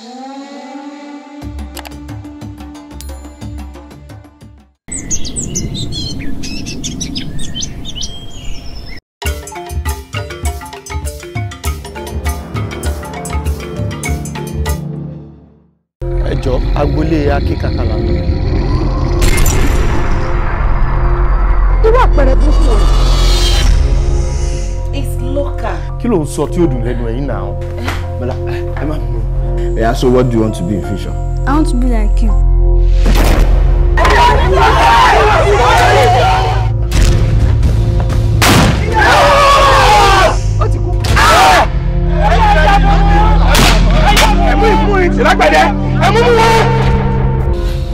ẹjọ agboolé akíkàkà la lọ. irú àpẹẹrẹ burúkú it's local. kí ló ń sọ tí ó dùn lẹ́nu ẹ̀yin náà. Eh? bọ́lá ẹ má mú un. Yeah, so what do you want to be in future? I want to be like you.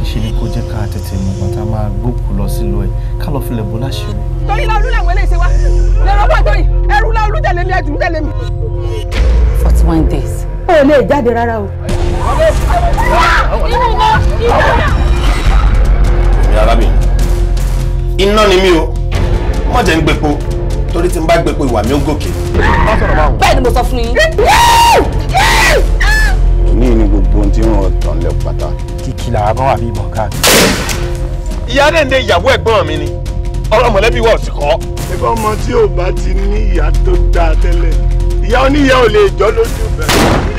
ṣe ni kò jẹ́ ká tètè mọ̀ bàtà máa gbókù lọ sílùú ẹ̀ ká lọ́ọ́ filẹ̀ bó láṣìírí. torí la olú làwọn eléyìí ṣe wá lẹ́rọ bọ́jọ́ yìí ẹrú la olú tẹ̀lé mi ẹ̀dùn tẹ̀lé mi. forty one days ò lè jáde rárá o. èmi arábìnrin iná ni mí o má jẹ́ ń gbẹpo torí tí n bá gbẹpo ìwà mi ó gòkè. bẹ́ẹ̀ ni mo sọ fún yín. ní ní gbogbo ohun tí ń ràn tán lẹ pátá. kìkì làwọn kan wà bí ìbọn káàkiri. ìyá dẹ́ndé ìyàwó ẹ̀gbọ́n mi ni ọ̀rọ̀ mọ̀lẹ́bí wa ò sì kọ́. ẹ̀fọ́ ọmọ tí ò bá ti ní ìyá tó dáa tẹ́lẹ̀ ìyá oníyẹ lè jọ́ lójú bẹ̀rẹ̀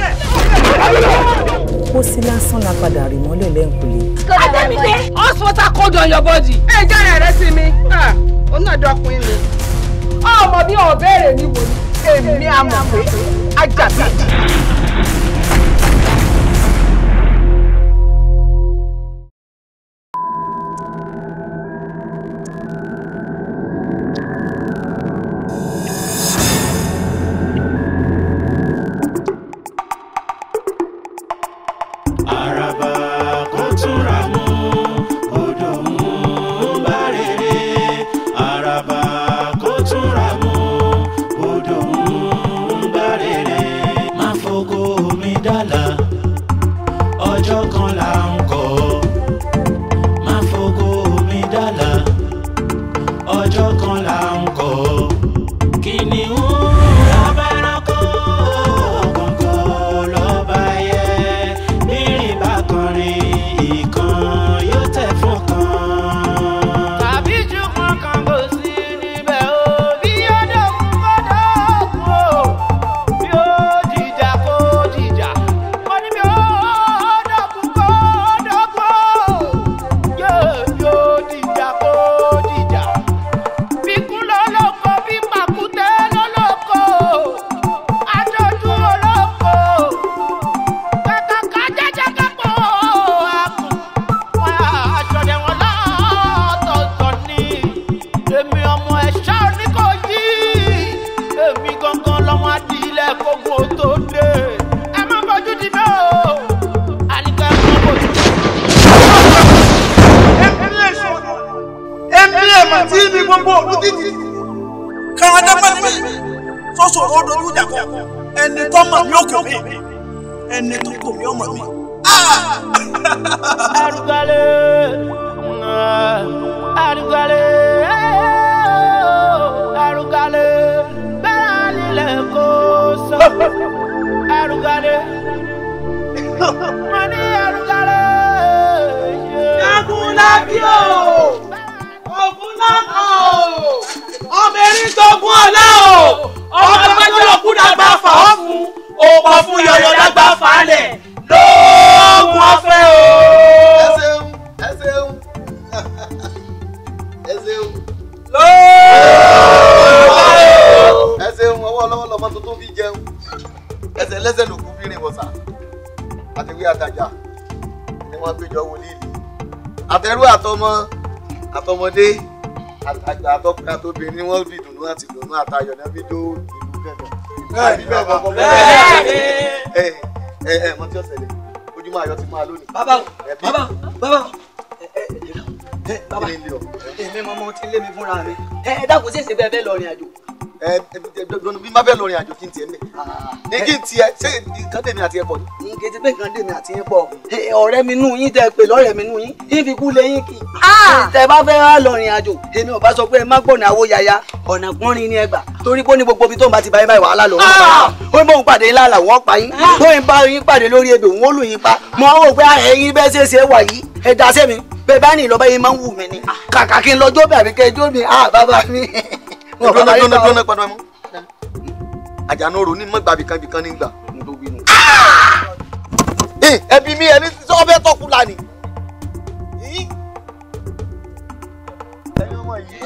ó sí lásán la padà rì mọ́lẹ̀ lẹ́ǹkulé. adémídé hospital cold on your body. ẹ jára rẹ sí mi ó náà dọkùn mi. ọmọ bí ọ̀bẹ́rẹ̀ mi wò ni èmi àmọ̀ pé ajá bíi. àtọmọ àtọmọdé àtàgbà àtọkùnrin àtobìnrin wọn fi dùnú àti dùnú àtayọ̀ náà fi dó ìlú gẹ̀gẹ̀. bẹ́ẹ̀ni bẹ́ẹ̀ kọ́kọ́ bẹ́ẹ̀ni. ẹ ẹ ẹ mọ tí ó ṣẹlẹ̀ ojúmọ́ ayọ̀ ti máa lónìí. bàbá bàbá bàbá ẹ ẹ bàbá èmi mọ ọmọ tí ń lé mi fúnra mi ẹ ẹ dákun ṣèṣe bẹ́ẹ̀ bẹ́ẹ̀ lọ rìn àjò bí má bẹ́ẹ̀ lọ rìn àjò kí n tiẹ̀ mẹ́. Ah, ah, ah. ní kí n tiẹ̀ ṣé nǹkan dèmi àti ẹ̀ pọ̀ nǹkan dèmi àti ẹ̀ pọ̀ ọ̀rẹ́ mi nù yín fi kú lẹ́yìn kì. Ah! tẹ bá fẹ́ wá lọ rìn àjò èmi ò bá sọ pé ẹ má gbọ̀nà àwo yaya ọ̀nà gbọ́nrin ni ẹ gbà torí pé ó ní gbogbo ibi tó ń bá ti bá yín báyìí wàhálà lọ wọn pa ó ní pàdé ńlá làwọn pa yín ah! bóun bá yín pàdé lórí ebè òun ó lù yín pa mo á wò pé ah, ẹ̀yin bẹ́ẹ̀ ṣe é ṣe wà yìí ẹ dá sẹ́mi bẹ́ẹ̀ bá ní ìlọ́ba yín máa ń wù mí ni kàkà kí n lọ jóbi àbí kẹ́ jóbi ah ní mọ́gbà hmm.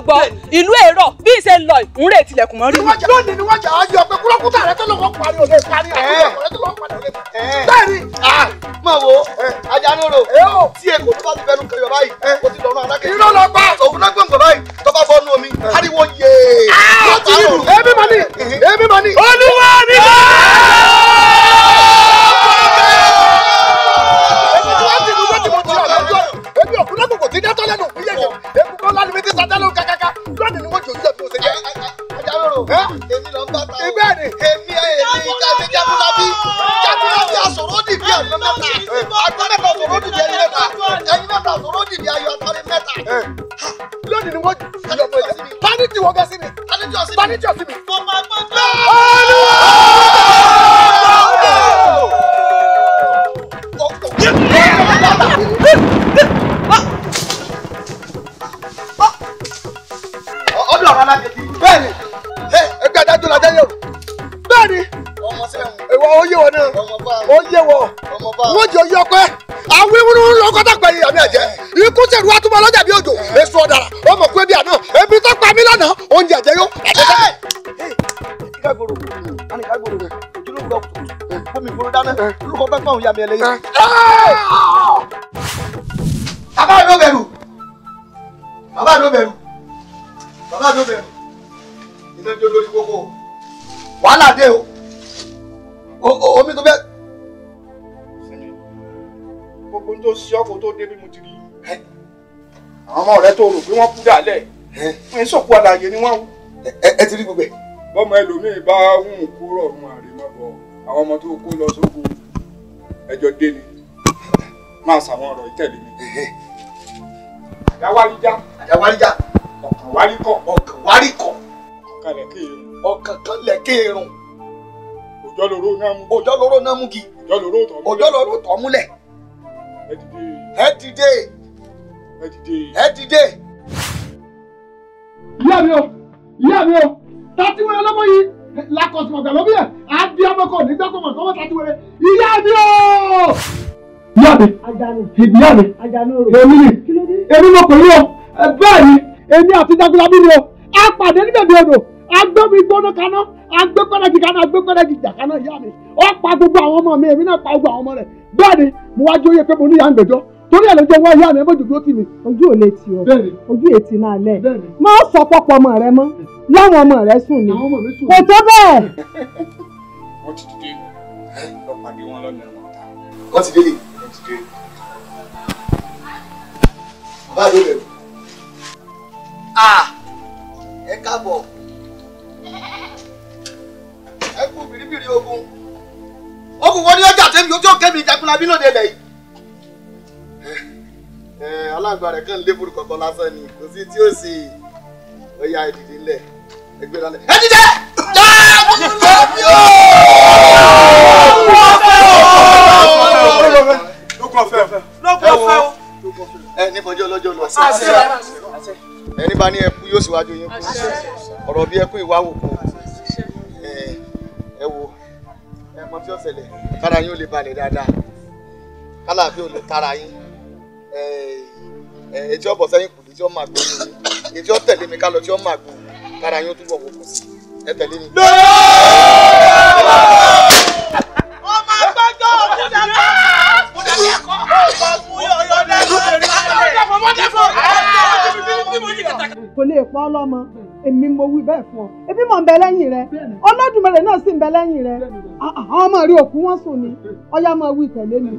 gbọgbọ ìlú èrò bí ìṣe ń lọ ìwúrẹ́ tilẹ̀kùn mọ́rí. ìwọ́jà lónìí ni wọ́n jà á yọ pé kúrọ́kútà rẹ tó lọ́wọ́ parí òde parí. ti wọ́gẹ́ sí mi. I need sí mi. tani jọ sí mi. mo máa gbọ́dọ̀. já mi ẹlẹ́yìn. bàbá mi ò bẹ̀rù bàbá mi ò bẹ̀rù bàbá mi ò bẹ̀rù iná jó lórí gbogbo wàhálà dé o omi tó bẹ́ẹ̀. gbogbo ń tó ṣe ọkọ̀ tó dé bí mo ti rí àwọn ọmọ rẹ tó rò pé wọ́n kú dálẹ̀ wọ́n sọ̀kú àlàyé ni wọ́n wù. ẹ ti rí gbogbo ẹ. bọ́mọ ẹlòmíín bá ń kúrò ọ̀run àrèmọ́bọ̀ àwọn ọmọ tó kó lọ sórí dé ni máa sàwọn ọ̀rọ̀ ìtẹ̀lé mi. àdáwáríjá. àdáwáríjá. ọ̀kàn wárí kọ̀. ọ̀kàn wárí kọ̀. ọ̀kàn lẹ̀kẹ́ irun. ọ̀kàn kan lẹ̀kẹ́ irun. òjò lóró náà mú. òjò lóró náà mú gi. òjò lóró tọ̀ múlẹ̀. òjò lóró tọ̀ múlẹ̀. ẹ dìde. ẹ dìde. ẹ dìde. ẹ dìde. ìbílẹ̀ mi èmi ni èmi mo pè ní o bẹ́ẹ̀ ni èmi àti jagunlabi ni o a pàdé ní bèbè odò agbómi gbóná kaná agbékọ́lẹ́gì kaná agbékọ́lẹ́gì jà kaná ìyá mi ó pa gbogbo àwọn ọmọ mi èmi náà pa gbogbo àwọn ọmọ rẹ̀ bẹ́ẹ̀ ni mo wá jóye pé mo ní ìyá ń gbẹjọ́ torí ẹ̀ ló jẹ́ wá ìyá mi ẹgbẹ́ òdòdó tì mí. ojú ò lè tì ọ ojú ètì náà lẹ má sọ pọpọ ọmọ rẹ mọ láwọn ọmọ rẹ sùn ni kò tó bẹ́ẹ̀. wọ́n ti dìde lọ báyìí bẹ̀rù. ẹ káàbọ̀ ẹ kú bìrìbìrì ogun ogun wọn ni ọjà tẹ̀mí ojú òkè mi ìjàkúnlá bí lóde lẹ̀ yìí. ẹ ẹ alágbára rẹ kàn lébùrú kankan lásán ni kò sí tí ó sì ọya ìdìdí ńlẹ̀ ẹgbẹ́ lálẹ́ ẹ bá ní ẹkú yóò síwájú yín kú ọ̀rọ̀ bí ẹkú ìwáwò kú ẹ wo ẹ mọ tí ó kára yín ó lè balẹ̀ dáadáa kálàfíà ò lè kára yín etí ọ̀bọ̀ sẹ́yìn kùdú tí ó máa gbó yín etí ó tẹ̀lé mi ká tí ó máa gbó kára yín ó túbọ̀ wò kù sí ẹ tẹ̀lé mi. ọmọ agbájọ ọdún dàgbà ọdún dàgbà ọmọ ọmọ yọyọ dàgbà ọmọ dàgbà ọmọ dàgbà. kò lè pọ́ ọlọ́mọ èmi mo wí bẹ́ẹ̀ fún ọ ebi mọ̀ ń bẹ lẹ́yìn rẹ Olódùmarè náà sì ń bẹ lẹ́yìn rẹ àwọn ọmọ rí òkú wọn sùn ni ọyá máa wí tẹ̀lé mi.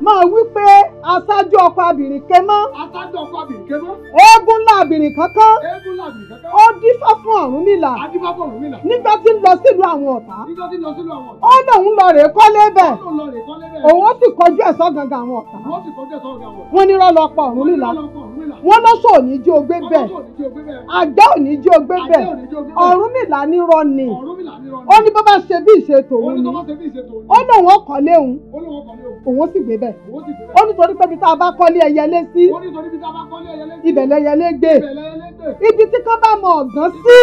máa wí pé aṣáájú ọkọ abìrìnkè mọ́. aṣáájú ọkọ abìrìnkè mọ́. eégún ńlá abìrìn kankan. eégún ńlá abìrìn kankan. ó dífá fún Ọ̀rúnmìlà. a dífá fún Ọ̀rúnmìlà. nígbà tí ń lọ sílùú àwọn ọ̀tá. nígbà tí ń lọ sílùú àwọn ọ̀tá. ó lóun lọ rèé kọ́lé bẹ̀. ó lóun lọ rèé kọ́lé bẹ̀. òun ó sì kọjú ẹ̀ sọ́gangan àwọn ọ̀tá. òun ó sì kọjú ẹ̀ sọ́gangan àwọn ọ̀tá. wọ́n ní rọ́lọ́pọ̀ Ọ̀rúnmìlà wọ́n lọ́sọ̀ òní jí o gbé bẹ́ẹ̀ àgbá òní jí o gbé bẹ́ẹ̀ Ọ̀rúnmìlà ní rọ ni ó ní bó bá ṣe bí ìṣètò òun ni ó lóun ọkọ̀ léhun òun sì gbé bẹ́ẹ̀ bẹ̀ ó nítorí pé ibi tá a bá kọ́lé ẹyẹlé sí ibẹ̀ lẹyẹlé gbé ibi tí kán bá mọ ọ̀gán sí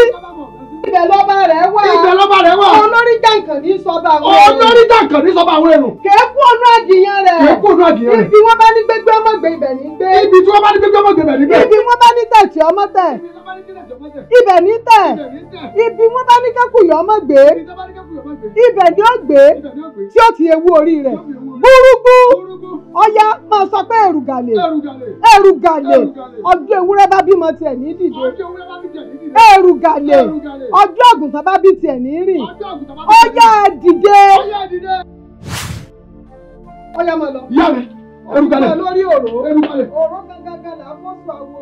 ibẹ̀ lọ́ba rẹ̀ wà. ibẹ̀ lọ́ba rẹ̀ wà. olórí jàǹkàn ní sọba àwọn ẹrù. olórí jàǹkàn ní sọba àwọn ẹrù. kẹ́kù ọ̀nà àdìyàn rẹ̀. kẹ́kù ọ̀nà àdìyàn rẹ̀. ibi wọ́n bá ní gbégbé ọmọ gbé ibẹ̀ ní gbé. ibi tí wọ́n bá ní gbégbé ọmọ gbé ibẹ̀ ní gbé. ibi wọ́n bá ní tẹ̀tì ọmọ tẹ̀. ibẹ̀ ní tẹ̀. ibi wọ́n bá ní kẹ́kùyọ̀ ọmọ gbé. ibẹ̀ ni ó gbé. tí ó ti ewu orí rẹ̀. burúkú ọyá máa sọ pé èrùgàlè èrùgàlè ọdún ewúrẹ́ bá bímọ tiẹ̀ ní dìde èrùgàlè ọjọ́ àgùntàn bá bí tiẹ̀ ní rìn ó yá dìde. ó yá máa lọ. ìyá mi ẹrù kalẹ̀ òkú lórí òró òró gangan là á fọ́sọ àwo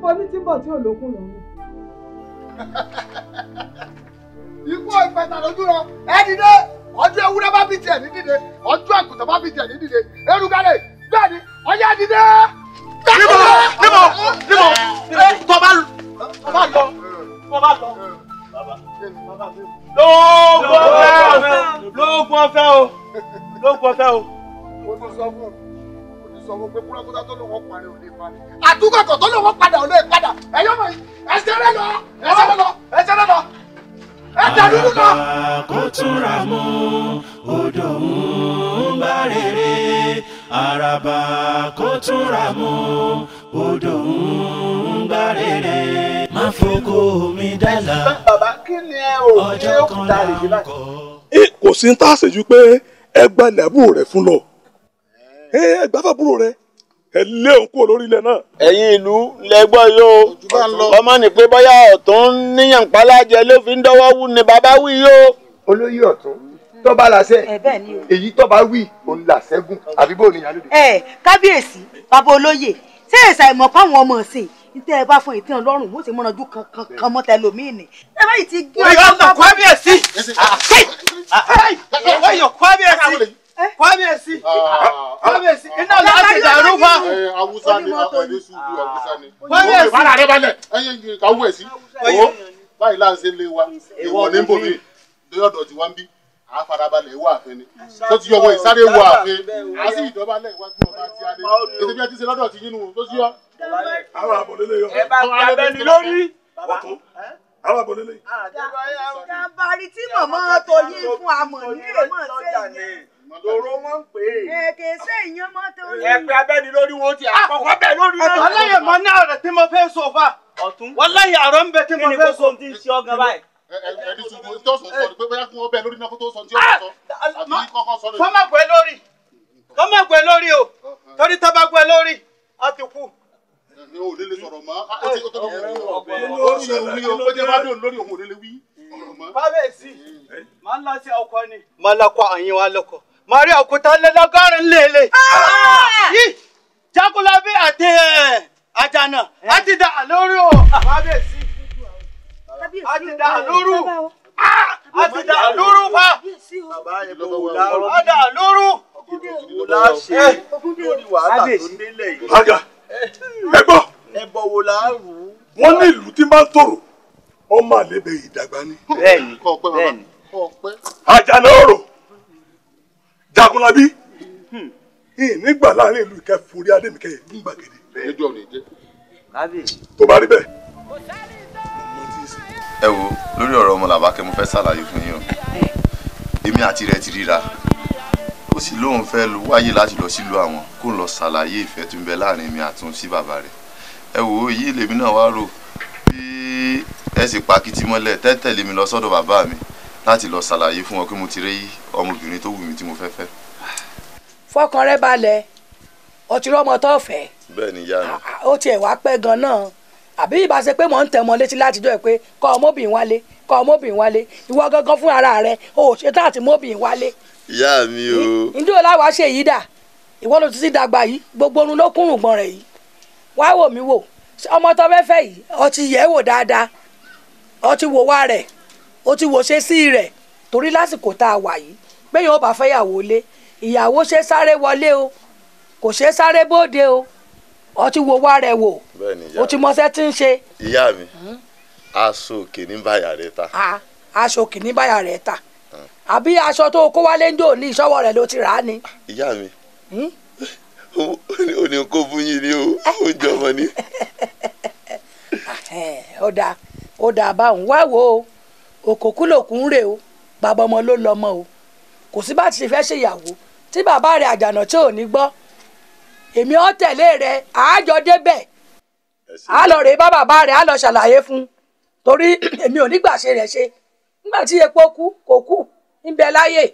mo ní tí bọ̀ tí olókùn lọ. ikú ìpẹ̀tà lójú lọ ẹ dìde ọjọ́ ewúrẹ́ bá bí tiẹ̀ ní dìde ọjọ́ àgùntàn bá bí tiẹ̀ ní dìde ẹrù kalẹ̀ bẹ́ẹ̀ ni ó yá dìde. níbo níbo níbo tó bá lọ wọ́n bá lọ. lóògùn ọ̀fẹ́ o lóògùn ọ̀fẹ́ o lóògùn ọ̀fẹ́ o. mo ti sọ fún mo ti sọ fún pé kúrọ́kúta tó lòun parí ò lè parí. àtúkọ̀kọ̀ tó lòun padà ò lè padà ẹ̀yọ́ mọ̀ ẹsẹ̀ rẹ̀ lọ ẹsẹ̀ rẹ̀ lọ ẹsẹ̀ rẹ̀ lọ ẹ̀jẹ̀ dúdú lọ. kò túnra mú odò ń bá rere àràbà kò túnra mú odò ń bá rere máa foko mi dàlà ọjọ́ kan là ń kọ́. kò sí ń tà ṣèjú pé ẹ gba ilẹ̀ àbúrò rẹ̀ fún lọ ẹ gba fàbúrò rẹ̀ ẹ lé òun kúrò lórí ilẹ̀ náà. ẹ̀yin ìlú lẹ́gbọ́n yóò ọmọ ní pé bóyá ọ̀tún níyàn pálájẹ ló fi ń dọ́wọ́ wú ni bàbá wí yóò. olóyè ọ̀tún tó bá èyí tó wí òun làṣẹ gùn àbí bó ni lóde. ẹ kábíyèsí bàbá olóyè ṣé èsà ìmọ̀ fáwọn ọmọ ọ̀sìn ntẹ ẹ bá fún ìtàn lọ́rùn mo sì mọ̀rànjú kankan kan mọ́ tẹlómìn ni. ẹ bá yìí ti gbé ọjọ́ bá bọ̀. ọyọ kábíyèsí ọyọ kábíyèsí kábíyèsí kábíyèsí iná láti dàrú fa. awusa ni ma pẹ̀lú sùúrù awusa ni. Ah, kábíyèsí bàrà rẹ balẹ̀ ẹyẹ kawú ẹ̀ sí. báyìí láǹṣẹ́ lé wa ìwọ ní bòmí lóyọ̀dọ̀ tí wọ́n ń bí àfarabalẹ̀ wọ àfin ni tó ti yọ wọ ìsáré wọ àfin á sì ìdọ́balẹ̀ iwájú ọba ti adé ètò bí ẹ ti ṣe lọ́dọ̀ ti yín nù tó ti yọ. àwọn àbọ̀lélẹ̀ yọ. ẹ bá abẹ́ mi lórí. ọ̀tún àwọn àbọ̀lélẹ̀. jàǹbárí tí mọ̀mọ́ tó yí fún amọ̀ ní èèmọ̀ sẹ́yìn lóró mọ̀ ń pè é. èké ṣe èèyàn mọ́ tó yí. ẹgbẹ́ abẹ́ni lórí wo ti àkọ́kọ́ bẹ̀ lórí náà. ọ̀tún ọlọ́yẹ̀ mọ́ ní àrẹ̀ tí mo fẹ́ sọ fà. ọ̀tún wọ́n láyé àrọ́ ń bẹ tí mo fẹ́ sọ. kí ni kókó ti ń ṣe ọgàn báyìí ẹni tuntun tó sọ sọ pé bóyá kí wọ́n bẹ lórí náà kó tó sọ tí ó sọ àbí kọ́kọ́ sọ lórí. kọ́ má gbẹ lórí kọ́ má gbẹ lórí o torí tó bá gbẹ lórí a ti kú. o ò lè lè sọ̀rọ̀ mọ́ o ti tó lè wí o lórí òun wí o ó jẹ́ bá dùn lórí òun ò lè lè wí ọ̀rọ̀ mọ́. kábíyèsí máa ń lọ sí ọkọ ni. máa lakọ àyìn wa lọkọ máa rí òkúta lẹ́lọ́gọ́rin lélẹ̀ yìí jákúlábí àti àjànà àti dà lórí o kábíyèsí a ti dà lóru a ti dà lóru fa a dà lóru o la ṣe lórí wàhálà tó délẹ̀ yìí. àgà ẹ gbọ́. ẹbọ wo la rù ú. wọ́n ní ìlú tí máa ń tòrò wọ́n máa lébè ìdàgbà ni. bẹ́ẹ̀ni bẹ́ẹ̀ni. àjànà òrò jagunlabi nígbà láàrin ìlú ìkẹfù orí adémikẹyẹ ní gbàgede. ẹjọ́ ò tó bá rí bẹ́ẹ̀ ẹ wo lórí ọ̀rọ̀ ọmọ làbákẹ́ mo fẹ́ ṣàlàyé fún yín o èmi àti rẹ̀ ti ríra ó sì lóun fẹ́ lu wáyé láti lọ sílùú àwọn kó lọ ṣàlàyé ìfẹ́ tó ń bẹ láàrin mi àtún sí bàbá rẹ̀ ẹ wo èyí lèmi náà wá rò bí ẹ sì pàkìtì mọ́lẹ̀ tẹ́tẹ̀lé mi lọ sọ́dọ̀ bàbá mi láti lọ ṣàlàyé fún wọn pé mo ti rí ọmọbìnrin tó wù mí tí mo fẹ́ fẹ́. fọkàn rẹ balẹ̀ ọtí rọmọ tó fẹ́. bẹ́ẹ̀ ni ìyá mi. ó tiẹ̀ wá pẹ́ gan náà àbí ìbá ṣe pé mò ń tẹ̀ mọ́ létí látijọ́ ẹ̀ pé kọ́ ọmọbìnrin wálé kọ́ ọmọbìnrin wálé ìwọ gangan fún ara rẹ o ò ṣetán àti mọ́bìnrin wálé. ìyá mi o. ìdí òlà wàá ṣe yìí dà ìwọ ló ti ti dàgbà yìí gbogbo orun ló kúrùn gbọ̀n rẹ̀ yìí wá wò mí wò ọmọ tó fẹ́ fẹ́ yìí ó ti yẹ̀ wò dáadáa ó ti wò wá rẹ̀ ó ti wò ṣe sí rẹ̀ torí lásìkò tá a wà yìí gbẹ̀yìn ó bá fẹ́yàwó lé ìyàwó ṣe sáré wọlé o kò ṣe sáré bóde o ọ ti wo wá rẹ wò o ti mọṣẹ́ tí ń ṣe. ìyá mi aṣọ òkè ní báyà rẹ ta. aṣọ òkè ní báyà rẹ ta hmm. àbí aṣọ tó kó wálé ń dò ní ìṣọwọ́ rẹ ló ti rà á ni. ìyá mi hmm? ó ní kó fún yín ni ó eh, ń jọmọ ni. ó dáa ó dáa báwọn wá wo òkòkúlòkùn rè o bàbá ọmọ ló lọmọ o kò sí bá ti ṣe fẹ́ ṣèyàwó tí bàbá rẹ̀ àjànà tí ò ní gbọ́ èmi ọ tẹ̀lé rẹ àájọ débẹ̀ á lọ rèé bá bàbá rẹ á lọ ṣàlàyé fún un torí èmi ò nígbàṣe rẹ ṣe nígbà tí epo kú kò kú ń bẹ láyè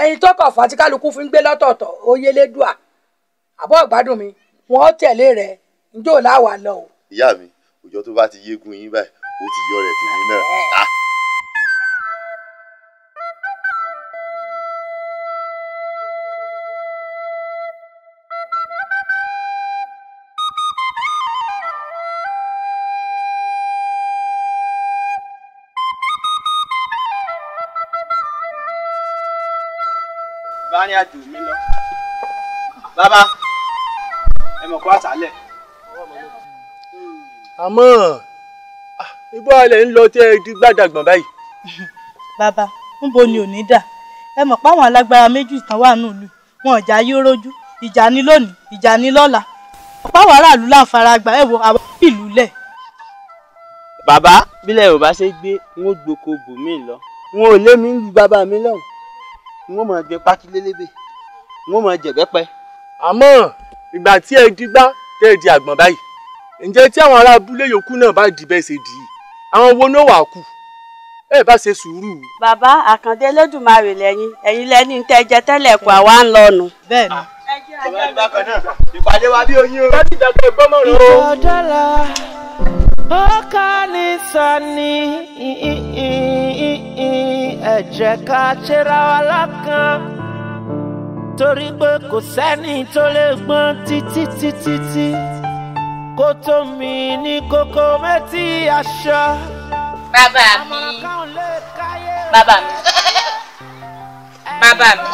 ẹyin tó kọ̀ fà tí kálukú fi ń gbé lọ́tọ̀ọ̀tọ̀ oyè lédùà àbọ̀ ìgbádùn mi wọ́n tẹ̀lé rẹ njó làwà lọ ìyá mi òjò tó bá ti yégun yín báyìí ó ti yọ rẹ tèmi náà. rìn àjò mi lọ. bàbá ẹ mọ̀ kó àṣálẹ̀. àmọ́ ah, ibú alẹ̀ ń lọ tẹ́ ẹ di gbàdàgbọ̀n báyìí. bàbá ńbo ni ò ní dà ẹ mọ̀ páwọn alágbára méjì tán wà nù lù wọn ò já yí rójú ìjà ni lónìí ìjà ni lọ́la páwọn aráàlú láǹfààrà àgbà ẹ̀ wọ àwọn ìlú lẹ̀. bàbá bílẹ̀ yorùbá ṣe gbé wọn ò gboko bòmí lọ wọn ò lé mi lu bàbá mi lọ́hùn n ó máa gbin pákí lélébè n ó máa jẹ̀bẹ́pẹ. àmọ́ ìgbà tí ẹ digbá tẹ́ ẹ di àgbọ̀n báyìí ǹjẹ́ tí àwọn ará abúlé yòókù náà bá di bẹ́ẹ̀ ṣe dì í àwọn wo ló wà kù ẹ bá ṣe sùúrù. bàbá àkàndé lódùmarè lẹ́yìn ẹ̀yin lẹ́ni ń tẹ́ jẹ tẹ́lẹ̀ kó àwa ń lọ́nu. bẹ́ẹ̀ni. ìpàdé ìpàdé wa bí oyin o. ìpàdé wa ó kanisa ni ẹ jẹ́ ká ṣera wa lákan torí pé kò sẹ́ni tó lè gbọ́n títí títí tí kó tó mi ní kókó méjì aṣọ. bàbá mi bàbá mi bàbá mi.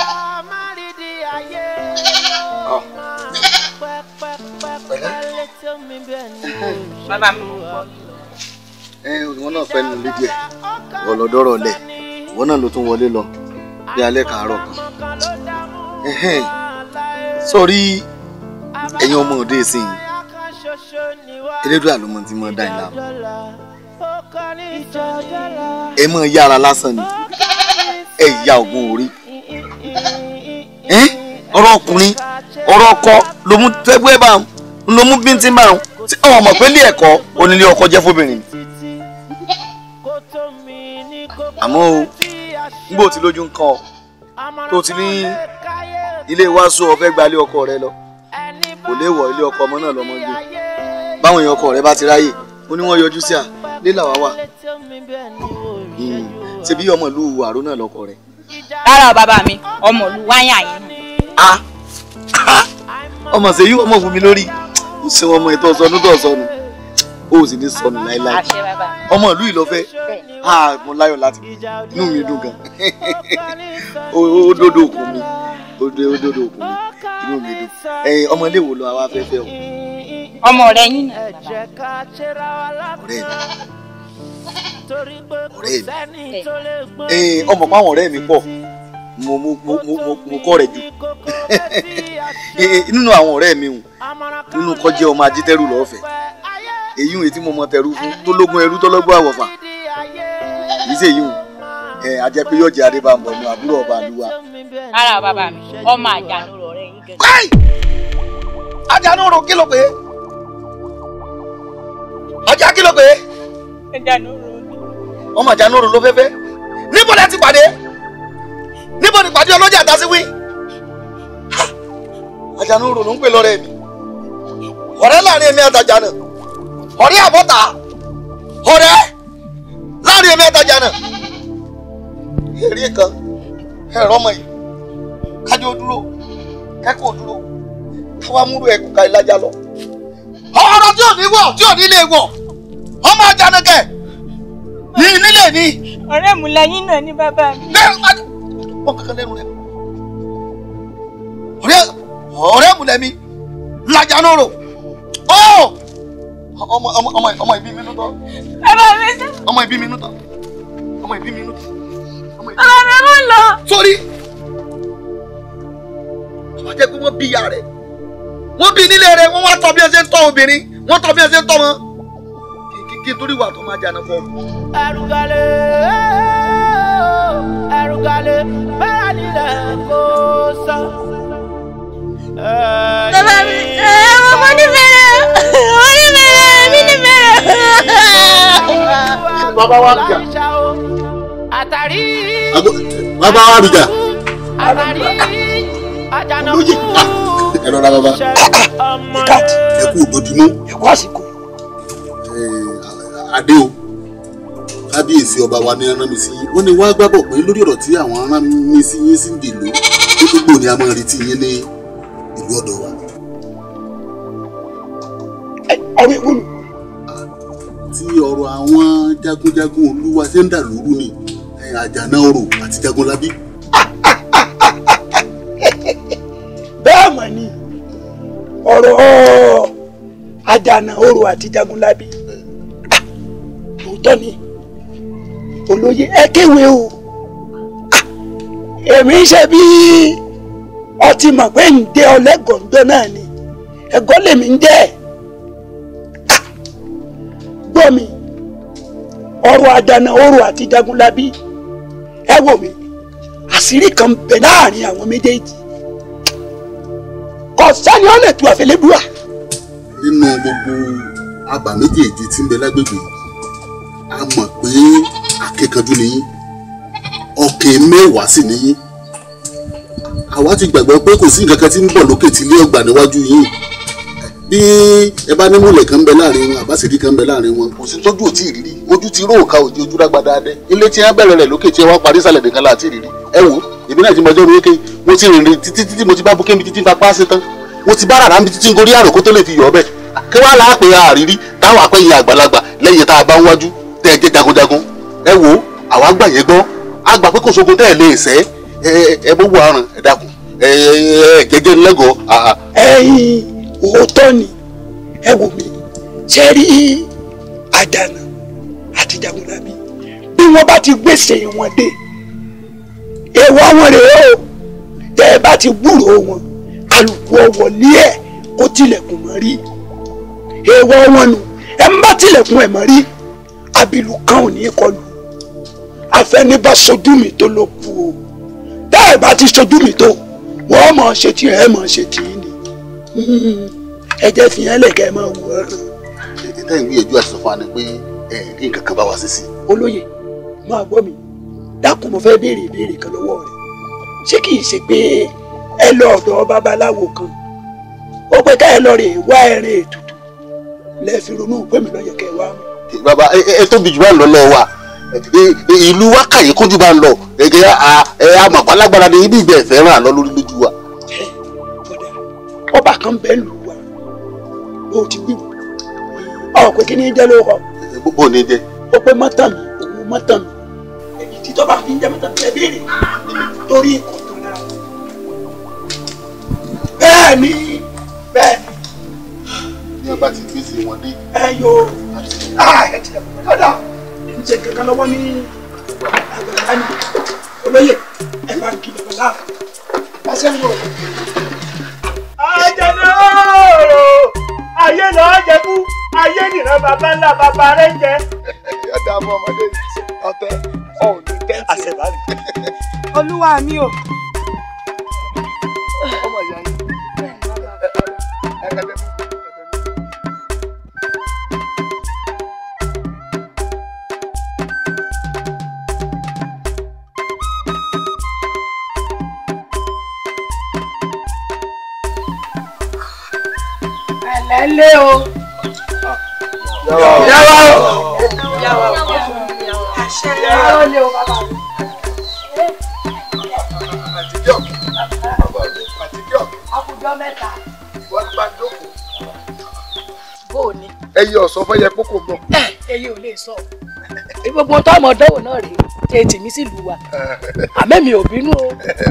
bàbá mi pa wọn náà fẹ́ nu lédìí ẹ̀ ọ̀lọ́dọ́rọ̀ lẹ̀ wọn náà ló tún wọlé lọ bí alẹ́ kàárọ̀ kan sọrí ẹ̀yin ọmọ òde ìsìn elédùn àlùmọ̀ tí mo dá ìlà ẹ mọ̀ yára lásán ni ẹ ya ògùn orí ọ̀rọ̀ ọkùnrin ọ̀rọ̀ ọkọ lòmú tẹ́gbẹ́ bá ń lòmú bíntín bá ọmọ mọ̀ pé ilé ẹ̀kọ́ onílé ọkọ jẹ́ fóbìnrin àmọ́ o nígbò tí lójú nǹkan ọ tó ti ní ilé wàásù ọ̀fẹ́ gba ilé ọkọ rẹ lọ kò lè wọ ilé ọkọ ọmọ náà lọmọ gbé báwọn èèyàn ọkọ rẹ bá ti ráyè ó ní wọn yọjú sí à lélà wá wà hmm, ṣe ọmọ ìlú àrò náà lọkọ rẹ. rárá bàbá mi ọmọ ìlú wáyà yìí. Ah, ọmọ ṣèyí ọmọ wù mí lórí kò sí wọn mọ ètò ọsọnù tó ọsọnù ó sì ní sọnù láéláé ọmọ ìlú ìlọfẹ ah, mo láyọ̀ láti inú mi dùn gan ó dòdò òkú mi ó dòdò òkú mi inú mi dùn ẹ̀yin ọmọ ilé wo lọ àwa afẹ́fẹ́ o. Omo rẹ yín náà bàbá ọ̀rẹ́ mi ọ̀rẹ́ mi pa àwọn ọ̀rẹ́ mi po. mo kọ́ rẹ̀ jù nínú àwọn ọ̀rẹ́ mi hùn nínú kọjá ọmọ ajítẹ́rù lọ́ọ̀fẹ́ èyí hùn tí mo mọ tẹ̀rù fún tó lógún ẹrú tó lọ́gbọ́n àwọ̀fà yìí ṣèyí hùn ẹ ajẹ́ pé yọ̀jẹ̀ adébàmbọ̀ ni àbúrò ọba àlùwà. ara bàbá mi ọmọ àjànúrò rẹ yìí gẹ́gẹ́. kẹ́ì àjànúrò kí ló pé ọjà kí ló pé. àjànúrò ni. ọmọ àjànúrò ló fẹ́fẹ́ níbo lẹ ti pàdé níbo ni pàdé ọlọ́jà tá sí wí. àjànúrò ló ń pè lọ́rẹ́ mi ọ̀rẹ́ láàrin èmi àtàjà náà ọ̀rẹ́ àbọ̀tà ọ̀rẹ́ láàrin èmi àtàjà náà èrè kan ẹ̀rọ ọmọ yìí kájọ dúró kẹ́kọ̀ọ́ dúró káwá múlò ẹ̀kú lọ. ọ̀rọ̀ tí ò ní wọ̀ tí ò ní lè wọ̀ ọmọ àjànàkẹ́ ní nílé ni. ọ̀rẹ́ mi lẹ́yìn náà ní bàbá mi. ọ̀rẹ́ mi lẹ́mi làjà Oh, ọmọ ọmọ ọmọ ọmọ ìbí mi nú tọ. bàbá mi sọ. ọmọ ìbí mi nú tọ. ọmọ ìbí mi nú tọ. bàbá mi mú lọ. sórí ọmọ jẹ pé wọ́n bí ìyá rẹ̀ wọ́n bí nílé rẹ̀ wọ́n wá tọ́ bí ẹ ṣe ń tọ́ obìnrin wọ́n tọ́ bí ẹ ṣe ń tọ́ mọ́ kí n torí wà tó máa jànà fọ. ẹrùgàlẹ̀ ẹrùgàlẹ̀ bẹ́ẹ̀ nílẹ̀ kò sọ. bàbá mi ẹ wọ́n mọ́ nífẹ̀ẹ́. bàbá wa bìjà. bàbá wa bìjà. lójì ẹ lọ́ra bàbá. ìkàtì ẹ kú òdòdìmọ́. ẹ kú àsìkò. adé o kábíyèsí ọba wa ní rán mi sí yín wọ́n ní wọ́n á gbábọ̀ pé lórí ọ̀rọ̀ tí àwọn rán mi sí yín sí ń dèlò tó tó gbòòrò ni a máa retí yín ní ìlú ọ̀dọ̀ wa. ọ̀rẹ́ wọ́n mi tí ọ̀rọ̀ àwọn jagunjagun olúwa ṣe ń dà lóru ni àjànà orò àti jagunlabí. bẹ́ẹ̀ mà ni ọ̀rọ̀ àjànà orò àti jagunlabí lóòótọ́ ni olóye ẹ kéwé o èmi ṣe bí ọtí mọ̀ pé ń dé ọlẹ́gọ̀ọ́jọ́ náà ni ẹ̀gọ́ lèmi ń dẹ́ ẹ̀ gbọ́ mi ọ̀rọ̀ àdànà oru àti jagunlabi ẹ wò mí àṣírí kan bẹ láàrin àwọn méjèèjì kò sẹ́ni ọ̀nà ètò àfẹlẹ́dùà. nínú gbogbo àbá méjèèjì tí ń bẹ lágbègbè a mọ̀ pé akẹ́kọ̀ọ́dú ni ọ̀kẹ́ mẹ́wàá sì ni àwa ti gbàgbọ́ pé kò sí nǹkan kan tí ń bọ̀ lókè tí ilé ọgbà níwájú yín. bí ẹ bá ní múlẹ̀ kan bẹ láàrin wọn àbáṣedí kan bẹ láàrin wọn. kò sí tójú òtí ìrírí ojú ti ró òka òjì ojú rágbádá dẹ ilé tí wọn bẹ̀rẹ̀ rẹ̀ lókè tí wọn parí sàlẹ̀ nìkan láti ìrírí ẹ wò èmi náà ti mọ ọjọ́ mi mo ti rìnrìn títí títí mo ti bá mi títí bá páàsì tán mo ti bá títí àròkó tó fi yọ ọbẹ̀ kí wàá là á pè àrírí táwọn apẹ́yìn àgbàlagbà lẹ́yìn a òótọ́ ni ẹ wò mí ṣe rí àdànà àti jagunlabi bí wọ́n bá ti gbèsè wọn dé èèwọ̀ wọn rèé o tẹ́ ẹ bá ti gbúròó wọn kálukú ọwọ́ ní ẹ̀ kó tilẹ̀kùn mọ́ rí èèwọ̀ wọn nù ẹ ń bá tilẹ̀kùn ẹ̀ mọ́ rí abilu kan ò ní í afẹnibà sojú mi tó ló kú o tẹ́ ẹ bá ti sojú mi tó wọ́n mọ̀ ṣe tiẹ̀ ẹ mọ̀ ṣe tì í ni. ẹ jẹ́ fi yẹn lè kẹ́ ọrụ máa wò ó rán. tẹ́ àti sọ ni pé ẹ bá wa sísì. olóyè máa gbọ́ mi dákun mo fẹ́ béèrè ìbéèrè kan lọ́wọ́ rẹ̀ ṣé kìí ṣe pé ẹ lọ ọ̀dọ̀ babaláwo kan ó pé ká ẹ lọ rè fi ronú pé mi wá ẹ tóbi jù bá ń lọ lọ wa ìlú wákàyè kójú bá ń lọ ni ibi ìgbẹ́ wa. ọba kan bẹ́ẹ̀ lù o ti gbé mi ọ pé kí ni jẹ ló kọ. bó ni jẹ. ó pé mọ́tàn mi òun mọ́tàn mi èyí tí tọ́ba fi ń jẹ mọ́tàn mi ẹ béèrè torí kò tán lára wọn. bẹ́ẹ̀ ni bẹ́ẹ̀ ni. bí a bá ti gbèsè wọn dé. ẹ yo ẹ ti kọ́dà ń ṣe kankan lọ́wọ́ ní àgbàlá ni olóyè ẹ máa kìlọ̀ láàfin. ẹ ṣe ń wọ̀. ajẹ́ náà ayé lọ́ọ́ jẹ́kú ayé nìran bàbá ńlá bàbá rẹ̀ jẹ. yóò dá ọmọdé ọtẹ ọ̀hún ní tẹ́ǹtì. àṣẹ báyìí. olúwa mi o. o. yàrá o. yàrá o. yàrá o. àtijọ́ àtijọ́. àkùjọ mẹ́ta. wọ́n gba jókòó. bó o ní. ẹyẹ ọ̀sán fẹ́ yẹ kókó gbọ́. ẹyẹ ò lè sọ gbogbo tọmọ dánwò náà rèé tí etí mi sì lù wá àmẹ́mi ò bínú o.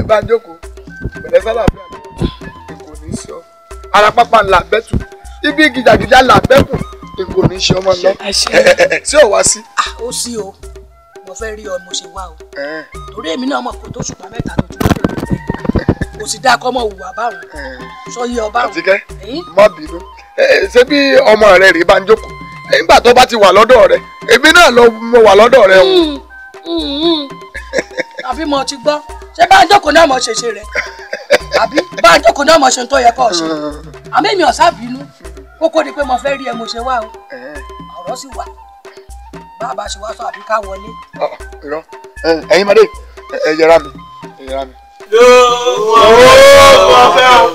bá a jókòó bẹ̀rẹ̀ sálábíà èkó ní í sọ ara pápá ńlá bẹ́tù ibi gidagida ní ṣe ọmọ lọ tí ò wá sí. ó sí o mo fẹ́ rí ọ mo ṣe wá o torí èmi náà mọ̀ kó tó ṣùgbọ́n mẹ́ta tó ti wá kò sì mọ̀ báwọn sọ yí bí ọmọ rẹ rí bá ń jókòó nígbà tó ti wà lọ́dọ̀ rẹ èmi lọ wà lọ́dọ̀ o. Hmm, hmm, hmm. àfi mo ti gbọ́ ṣé bá ń kókó ni pé mo fẹ́ rí ẹ mo ṣe wá o ọ̀rọ̀ sì wà bàbá ṣe wá sọ àbí ká wọlé. ẹ̀yin madé ẹ yẹra mi ẹ yẹra mi. lóòwò wọ́n fẹ́ o.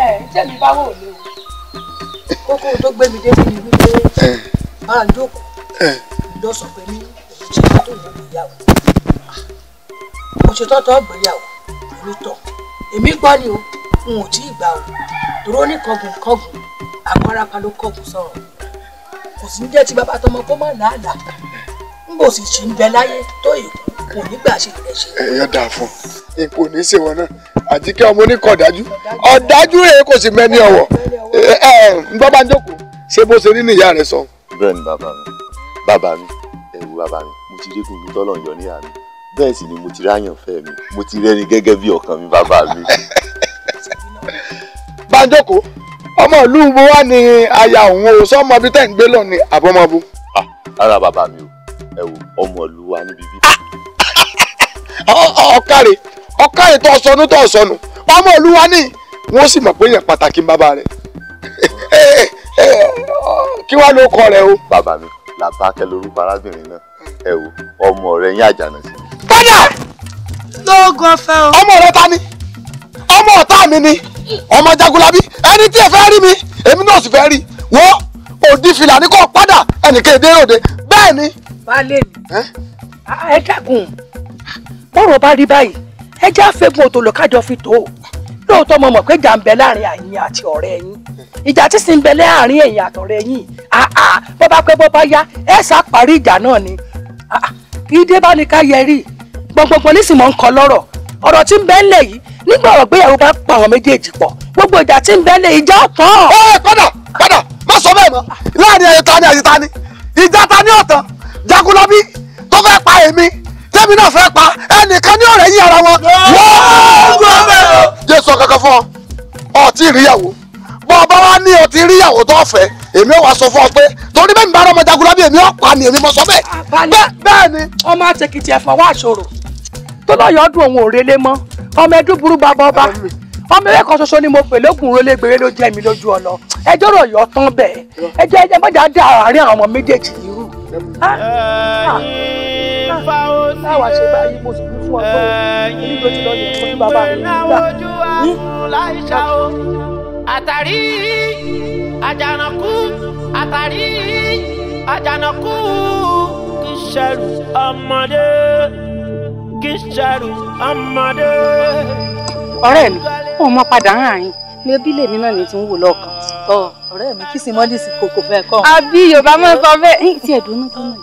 ẹ ẹ jẹ́ mi báwo lè o kókó tó gbé mi dé sí mi wípé máa ń jókòó lọ sọ pé ní òṣìṣẹ́ tó ń gbé ìyàwó òṣìṣẹ́ tó ń gbé ìyàwó èmi tọ̀ èmi gbọ́ ni o n ò tí ì gbà o dúró ní kọgùn kọgùn àkọ́rápá ló kọgùn sọ̀rọ̀ kò sí ní jẹ́ ti bàbá tọmọ kó má làálàá n kò sì ṣì ń bẹ láyé tó èkó kò ní gbà ṣe ìrẹ́ ṣe. ẹyọ dà fún ipò ní í ṣe wọn náà àti kí ọmọ oníkọ ọ̀dájú ọ̀dájú rèé kò sì mẹ́ni ọ̀wọ̀ ẹ ẹ bàbá jókòó ṣé bó ṣe rí ni ìyá rẹ sọ. bẹ́ẹ̀ bàbá mi bàbá mi ẹ̀rù bàbá mi mo ti rí gbogbo tọ́lọ̀ ń yọ níyà mi bẹ́ẹ̀ sì ni mo ti ráyànfẹ́ mi mo ti rẹ́ni gẹ́gẹ́ bí ọ̀kan mi bàbá mi. Banjoko ọmọ ìlú mo wá ní aya òun o sọmọ bíi tẹ́ ń gbé lọ ni àbọ̀mọ́bù. Ah, rárá bàbá mi o ẹ wo ọmọ ìlú wa níbi bí. Ah! ọ̀kàrè ọ̀kàrè tó sọnù tó sọnù ọmọ ìlú wa ní wọ́n sì mọ̀ pé yẹn pàtàkì bàbá rẹ̀ eh, eh, eh, kí wàá ló kọ rẹ o. bàbá mi làbákẹ́ lórúkọ arábìnrin náà ẹ wo ọmọ rẹ yín àjànà sí padà. no ọ̀fẹ́ o. ọmọ rẹ ta ni ọmọ ọ̀tá mi ni ọmọ jagunlabi ẹni tí ẹ fẹ́ rí mi èmi náà sì fẹ́ rí wọ́n òdi fìlà ní kò padà ẹnìkéde òde bẹ́ẹ̀ ni. baálé mi ẹ dákun bọ́rọ̀ bá rí báyìí ẹ jẹ́ àfẹ́gun òtòlò kájọ fi tó lóòótọ́ mo mọ̀ pé ìjà ń bẹ láàrin ẹ̀yin àti ọ̀rẹ́ yín ìjà tí sì ń bẹ láàrin ẹ̀yin àtọ̀rẹ́ yín bọ́ bá pẹ́ bọ́ bá yá ẹ sá parí ìjà náà ni ìdè bá ní ká yẹrí pọnpọnpọn nísìmọ ń kọ lọ́rọ̀ ọ̀rọ̀ tí ń bẹ ńlẹ̀ yìí nígbà ọ̀rọ̀ gbéyàwó bá pa àwọn méjèèjì pọ̀ gbogbo ìjà tí ń ìjà ọ̀tán. ẹ padà padà má sọ bẹ́ẹ̀ mọ́ láàrin tani tani ìjà tani ọ̀tán jagunlabi tó fẹ́ pa èmi tẹ́mi náà fẹ́ pa ẹnìkan ní ọ̀rẹ́ yí ara wọn. jésù kankan fún ọ ọtí ìríyàwó bọ́ ọba wa ní ọtí ìríyàwó tó fẹ́ èmi ò wá sọ fún ọ pé torí bẹ́ẹ̀ bá jagunlabi èmi ọ̀pá ni èmi sọ bẹ́ẹ̀. bẹ́ẹ̀ ni ọmọ àtẹkìtì ẹ̀fọ́ wà ṣòro. tó lọ́yọ̀ ọdún òun ò relé mọ́ ọmọ ẹdún burú bá bọ́ bá ọmọ ẹ̀rẹ́ kan ṣoṣo ni mo pè lókun rólé gbèrè ló jẹ́ mi lójú ọ̀nà ẹjọ́ rò yọ tán bẹ́ẹ̀ ẹjọ́ ẹjẹ́ mọ́jà dá àárín àwọn ọmọ méjèèjì irú. táwa ṣe báyìí mo sì ní fún ọgbọ́n onígbò tí lọ́ọ̀yẹ̀ fún ní bàbá mi àtàrí àjànàkú àtàrí àjànàkú kìí ṣẹlù ọmọdé ọ̀rẹ́ mi òun mọ padà ń ràn yín mi ò bí lèmi náà ní ti ń wò lọ́ọ̀kan. ọ ọ̀rẹ́ mi kí simọ́ dì sí kòkò bẹ́ẹ̀ kọ́. àbí yorùbá máa ń sọ bẹ́ẹ̀ ẹ̀yìn tí ẹ̀dùn náà tó mọ̀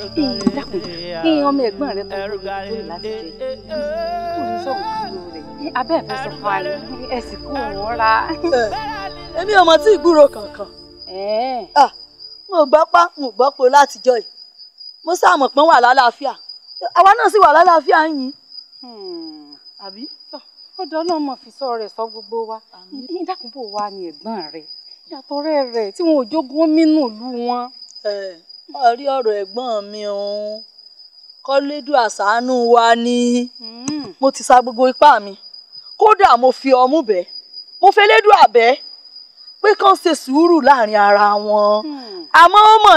yìí ẹ̀yìn dákun ẹ̀yìn ọmọ ẹ̀gbọ́n rẹ tó lórí lórí láti jẹ kò ní sọ̀rọ̀ kúrò rẹ̀ abẹ́ ẹ̀fẹ́ sọ fún ayé ẹ̀ sì kú òun ra. èmi ọmọ tí ìgbúrò kankan mo gbọ́ pa mo gbọ́ po látijọ́ yìí mo sáà mọ̀ pé wà lálàáfíà àwa náà sì wà lálàáfíà yín. Hmm, àbí ọ̀dọ̀ náà mọ̀ fi sọ rẹ̀ sọ gbogbo wa ìdákùnbò wa ni ẹ̀gbọ́n rẹ̀ ìyàtọ̀ rẹ̀ rẹ̀ tí wọn ò jogún mínú ìlú wọn. ẹ ọ rí ọ̀rọ̀ ẹ̀gbọ́n mi òun kọ́lédù àṣàánú wa ni hmm. mo ti sa gbogbo ipá mi kódà mo fi ọmú bẹ́ẹ̀ mo fẹ́ lédù àbẹ́ pé kán ṣe sùúrù láàrin ara wọn hmm. àmọ́ ó mọ̀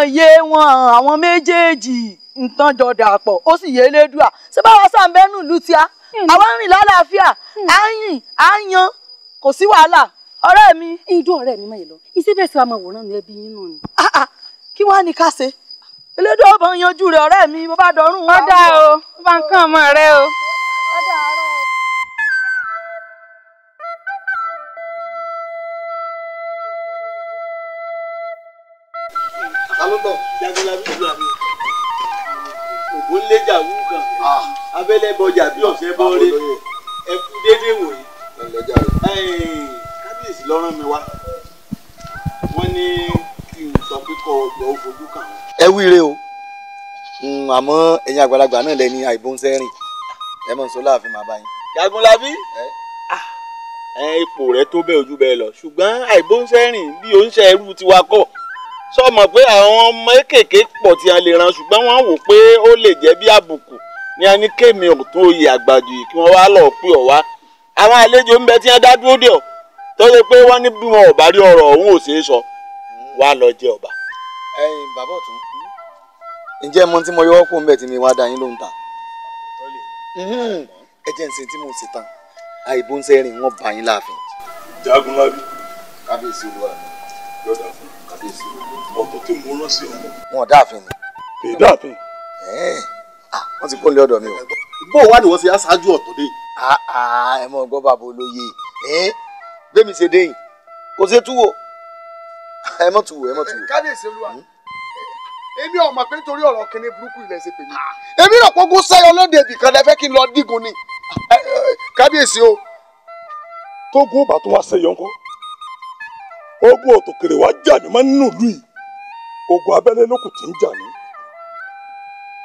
wọn àwọn méjèèjì nǹkan jọ dàpọ̀ ó sì yé elédùà ṣé báwa sàǹbẹ́nù ìlú tíá àwa rìn lálàáfíà hmm. à ń kò sí wàhálà ọ̀rẹ́ mi. ìdún ọ̀rẹ́ mi máa yẹ lọ iṣẹ́ bẹ́ẹ̀ sì wàá máa wòran mi ẹbí yín ni. Ah, ah, kí wàá ní ká ṣe elédùà ọ̀bọ̀n yanjú rẹ̀ ọ̀rẹ́ mi bó bá dọ̀rùn. ó dáa o bá ń kàn ọmọ rẹ o. abẹ́lẹ́ bọjà bí ọ̀sẹ̀ bọ́ lé ẹ kú déédéé wòye kábíyèsí lọ́rùn mi wá wọ́n ní kí n sọ pé kọ́ ọgbà ó fojú kàn án. ẹ wíire o hmm, àmọ́ ẹ̀yin àgbàlagbà náà lẹ́ni àìbóńsẹ́rìn ẹ mọ̀ nsọ láàfin màá bá yín. jagunlabi ah, ipò rẹ tó bẹ́ẹ̀ ojú bẹ́ẹ̀ lọ ṣùgbọ́n àìbóńsẹ́rìn bí o ń ṣe ẹrú tiwa kọ̀ sọ mọ̀ pé àwọn ọmọ kéékèèké pọ̀ tí a lè ran ṣùgbọ́n wọ́n wò pé ó lè jẹ́ bí àbùkù ní a ní kémi ọ̀tún oyè àgbàdo yìí kí wọ́n wá lọ́ọ́ pé ọ̀ àwọn àlejò ń bẹ tí wọ́n dá dúró dé ọ̀ pé wọ́n ní bí wọn ò bá rí ọ̀rọ̀ ọ̀hún ò ṣeé sọ wá lọ jẹ ọba. ẹyin bàbá ọ̀tún ǹjẹ́ mo ti mọ yọwọ́ kó ń bẹ̀ tí mi wá da yín ló ta ẹ jẹ́ ǹsẹ̀ tí mo sì tan. àìbó ń sẹ́rìn wọ́n bá yín láàfin. jagunlabi kábíyèsí olúwa mi yọ̀dà fún kábíyèsí ọ̀tọ̀ tí mo rán sí ọmọ. wọn dáàfin ni. kì dáàfin wọ́n ti kó lé ọ̀dọ̀ mi o. bó wà ní wọ́n ṣe aṣáájú ọ̀tọ̀ dé. Ah, ah, ẹ mọ gbọ́ bàbá olóye bẹ́mi ṣe dé yìí kò ṣe túwò ẹ mọ̀ túwò ẹ mọ̀ túwò. Eh, kábíyèsí olúwa hmm? èmi ò mọ̀ pé nítorí ọ̀rọ̀ kẹne burúkú ilẹ̀ ṣe pè mí ah. èmi rò pé ogún sẹ́yọ lóde ibì kan lẹ́fẹ́ kí n lọ dígun ni eh, eh, kábíyèsí o. tógun bá tó wá sẹ́yọ ńkọ́ ogun òtòkèrè wá jà mí má nínú ìlú yìí ogun abẹ́lé lókùn ń jà mí.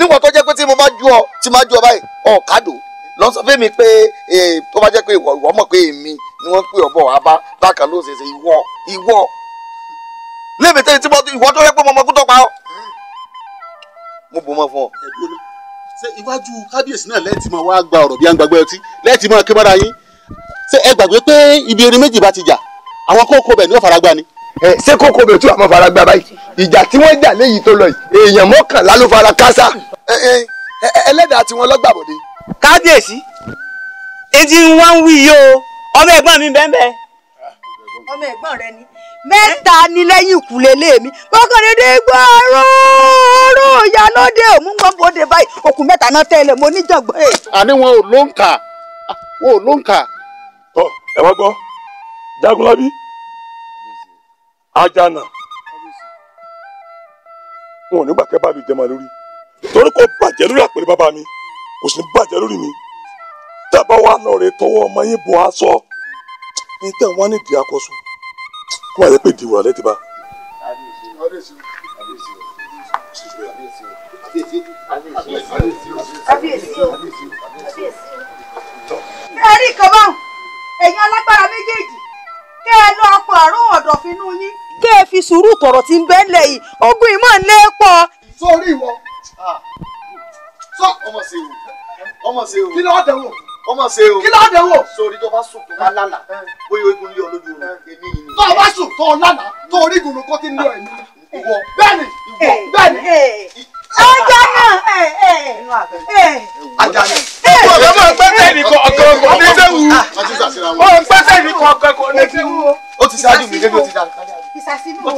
níwọ̀n tó jẹ́ pé tí mo bá ju ọ tí máa ju ọ báyìí ọ̀kadò lọ sọ fún mi pé e, tó bá jẹ́ pé ìwọ ìwọ mọ̀ pé èmi ni wọ́n pè ọ̀bọ̀ wá bá bákan ló ṣe ṣe ìwọ ìwọ lébi tẹ́lẹ̀ tí mo ìwọ tó yẹ pé mo mọ kú tó pa ọ́ mo bò mọ́ fún ọ. ṣé iwájú kábíyèsí náà lẹ́ẹ̀tì máa wá gba ọ̀rọ̀ bí à ń gbàgbé ọtí lẹ́ẹ̀tì máa kí mọ́ra yín ṣé ẹ gbàgbé pé ibi erin méjì bá ti jà àwọn kókó bẹ̀ ní ọ̀fàràgbà ni ṣé kókó bẹ̀ tí wàá fara gbá báyìí ìjà tí wọ́n jà léyìí tó lọ yìí èèyàn mọ́kànlá ló fara kásá. ẹlẹ́dàá tí wọ́n lọ́gbàbọ̀dé. kábíyèsí etí wá ń wí yìí o ọmọ ẹ̀gbọ́n mi bẹ́ẹ̀ bẹ́ẹ̀. ọmọ ẹ̀gbọ́n rẹ ni mẹ́ta ni lẹ́yìn ìkùlé lèmi gbọ́kàn dédé gbọ́ rọ́ọ̀rọ́ ìyá lóde òmù gbọ́ngbọ́ òde báyìí òkú mẹ́ta náà tẹ́lẹ̀ mo níjàngbọ́n. àní wọn ò ló ń kà ah, wọn ò ló ń kà. ọ ẹ wá gbọ́ jagunlabi ajana wọn ò nígbà kẹ́ bá mi jẹ́ máa lórí torí kò bàjẹ́ lórí àpèrè bàbá mi kò sì ní bàjẹ́ lórí mi tábà wà náà rè tọwọ́ ọmọ yín bọ̀ aṣọ ní tẹ̀ wọ́n ní ìdí akọ́sùn kó wà yẹ pé ìdìbò alẹ́ ti bá. ẹ̀rí kan báwọn èèyàn alágbára méjèèjì kẹ́ ẹ lọ́ọ́ pààrọ̀ ọ̀dọ̀fínú yín kẹ́ ẹ fi sùúrù kọ̀rọ̀ tí ń bẹ́ lẹ̀ yìí ogun ìmọ̀ ń lé pọ̀. sórí ìwọ ah. sọ ọmọ ṣe wò ọmọ ṣe wò kí ló dẹ̀ wò ọmọ ṣe o kí ló dé wò. sori tó bá sùn tó bá lálà eh. bóyá ogun lé olójú oorun eh. èmi yìí ni. tó o bá sùn tó o lálà tó o rí ìgùnlù kó ti ń lọ ẹ̀mí. ìwọ bẹ́ẹ̀ni ìwọ eh. bẹ́ẹ̀ni. ajá náà ajá náà. ọ̀gá máa ń pẹ́sẹ̀ nìkan ọ̀gá ọ̀gá ní sẹ́wù. Ah. ó ń pẹ́sẹ̀ nìkan ọ̀gá ọ̀gá ní sẹ́wù. ó ti ṣáájú mi débi ó ti dà ìsàsílù o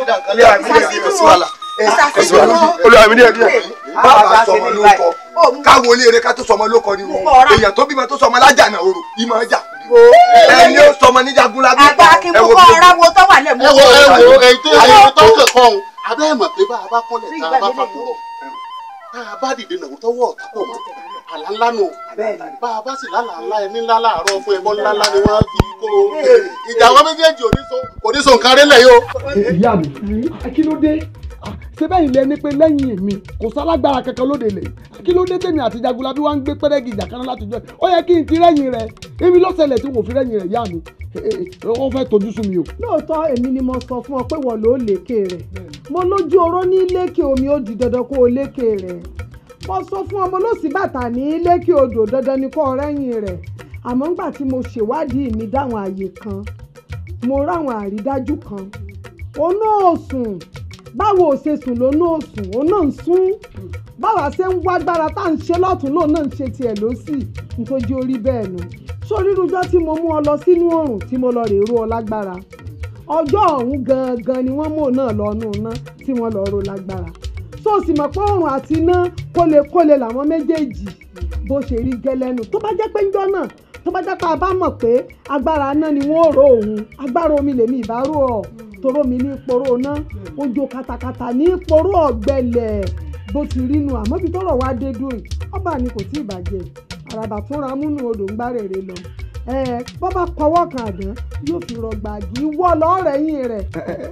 ìsàsílù o ìsàsílù o. olùwà mi ní ẹbí ẹ bàbá sọmọ ló kọ káwo ilé rẹ ká tó sọmọ ló kọ ni o èèyàn tó bímọ tó sọmọ lájà náà oru ìmọ̀ ọjà ẹni ó sọmọ níjà gúnlábí. àgbà akínkún kọ́ ọ̀rá wo tó wà lẹ́mú. ẹ wo ẹ wo èyí tó èyí tó kẹ̀ kọ́ ọ̀hún abẹ́ mọ̀ pé bá a bá kọ́lẹ̀ tá a bá fa kúrò tá a bá dìde náà tọ́wọ́ ọ̀tá pọ̀ mọ́ àlá ńlá nù bá a bá sì lálàá ńlá ẹni ńlá láàárọ̀ fún ẹbọ ńlá ńlá ni wọ́n fi kóró ìjà àwọn méjèèjì kò ní so nǹkan rẹ̀ lẹ́yìn o. ìyá mi kí ló dé síbẹ̀ yìí lẹni pé lẹ́yìn mi kò sálágbára kankan lóde lè kí ló dé tèmi àti Jagunlabi wá ń gbé pẹ́rẹ́gì ìjà kaná látijọ́ ó yẹ kí n ti rẹ́yìn rẹ̀ èmi ló tí wọ́n fi rẹ́yìn rẹ̀ yá mi ó fẹ́ tojú sú mi o. lóòótọ́ èmi ni mo sọ fún ọ pé wọ́n ló lékè rẹ̀ mo lójú oró ní lékè omi ó di dandan kó o lékè rẹ̀ mo sọ fún ọmọ lọ́sí bàtà ní lẹ́kì odò dandan ni kọ́ rẹ́yìn rẹ̀ àmọ́ ńgbà tí mo ṣèwádìí mi dáwọn àyè kan mo ráwọn àrídájú kan oná òsùn báwo ò ṣe sùn lónà òsùn oná ń sún báwa ṣe ń wá agbára tá à ń ṣe lọ́tún lónà ń ṣe tiẹ̀ lọ́sì nítorí orí bẹ́ẹ̀ nu sórírújọ́ tí mo mú ọ lọ sínú oòrùn tí mo lọ rèé ró ọ lágbára ọjọ́ ọ̀hún gangan ni wọ́n mò náà lọ́nu ná tí wọ́n lọ́ọ́ ró lágbára tó o sì mọ̀ pé òrùn àti iná kólekóle làwọn méjèèjì bó ṣe rí gẹ́lẹ́nu tó bá jẹ́ pé jọ náà tó bá jẹ́ pé a bá mọ̀ pé agbára iná ni wọ́n rò òun agbára omi lèmi ìbárò ọ̀ toró mi ní ìporó iná ní ìporó ọ̀gbẹ́lẹ̀ bó ti rí nu àmọ́ dé ọba ni lọ bọ́ bá pawọ́ kan àgán yóò fi rọgbà kí wọ́ lọ́ọ̀rẹ́yìn rẹ̀.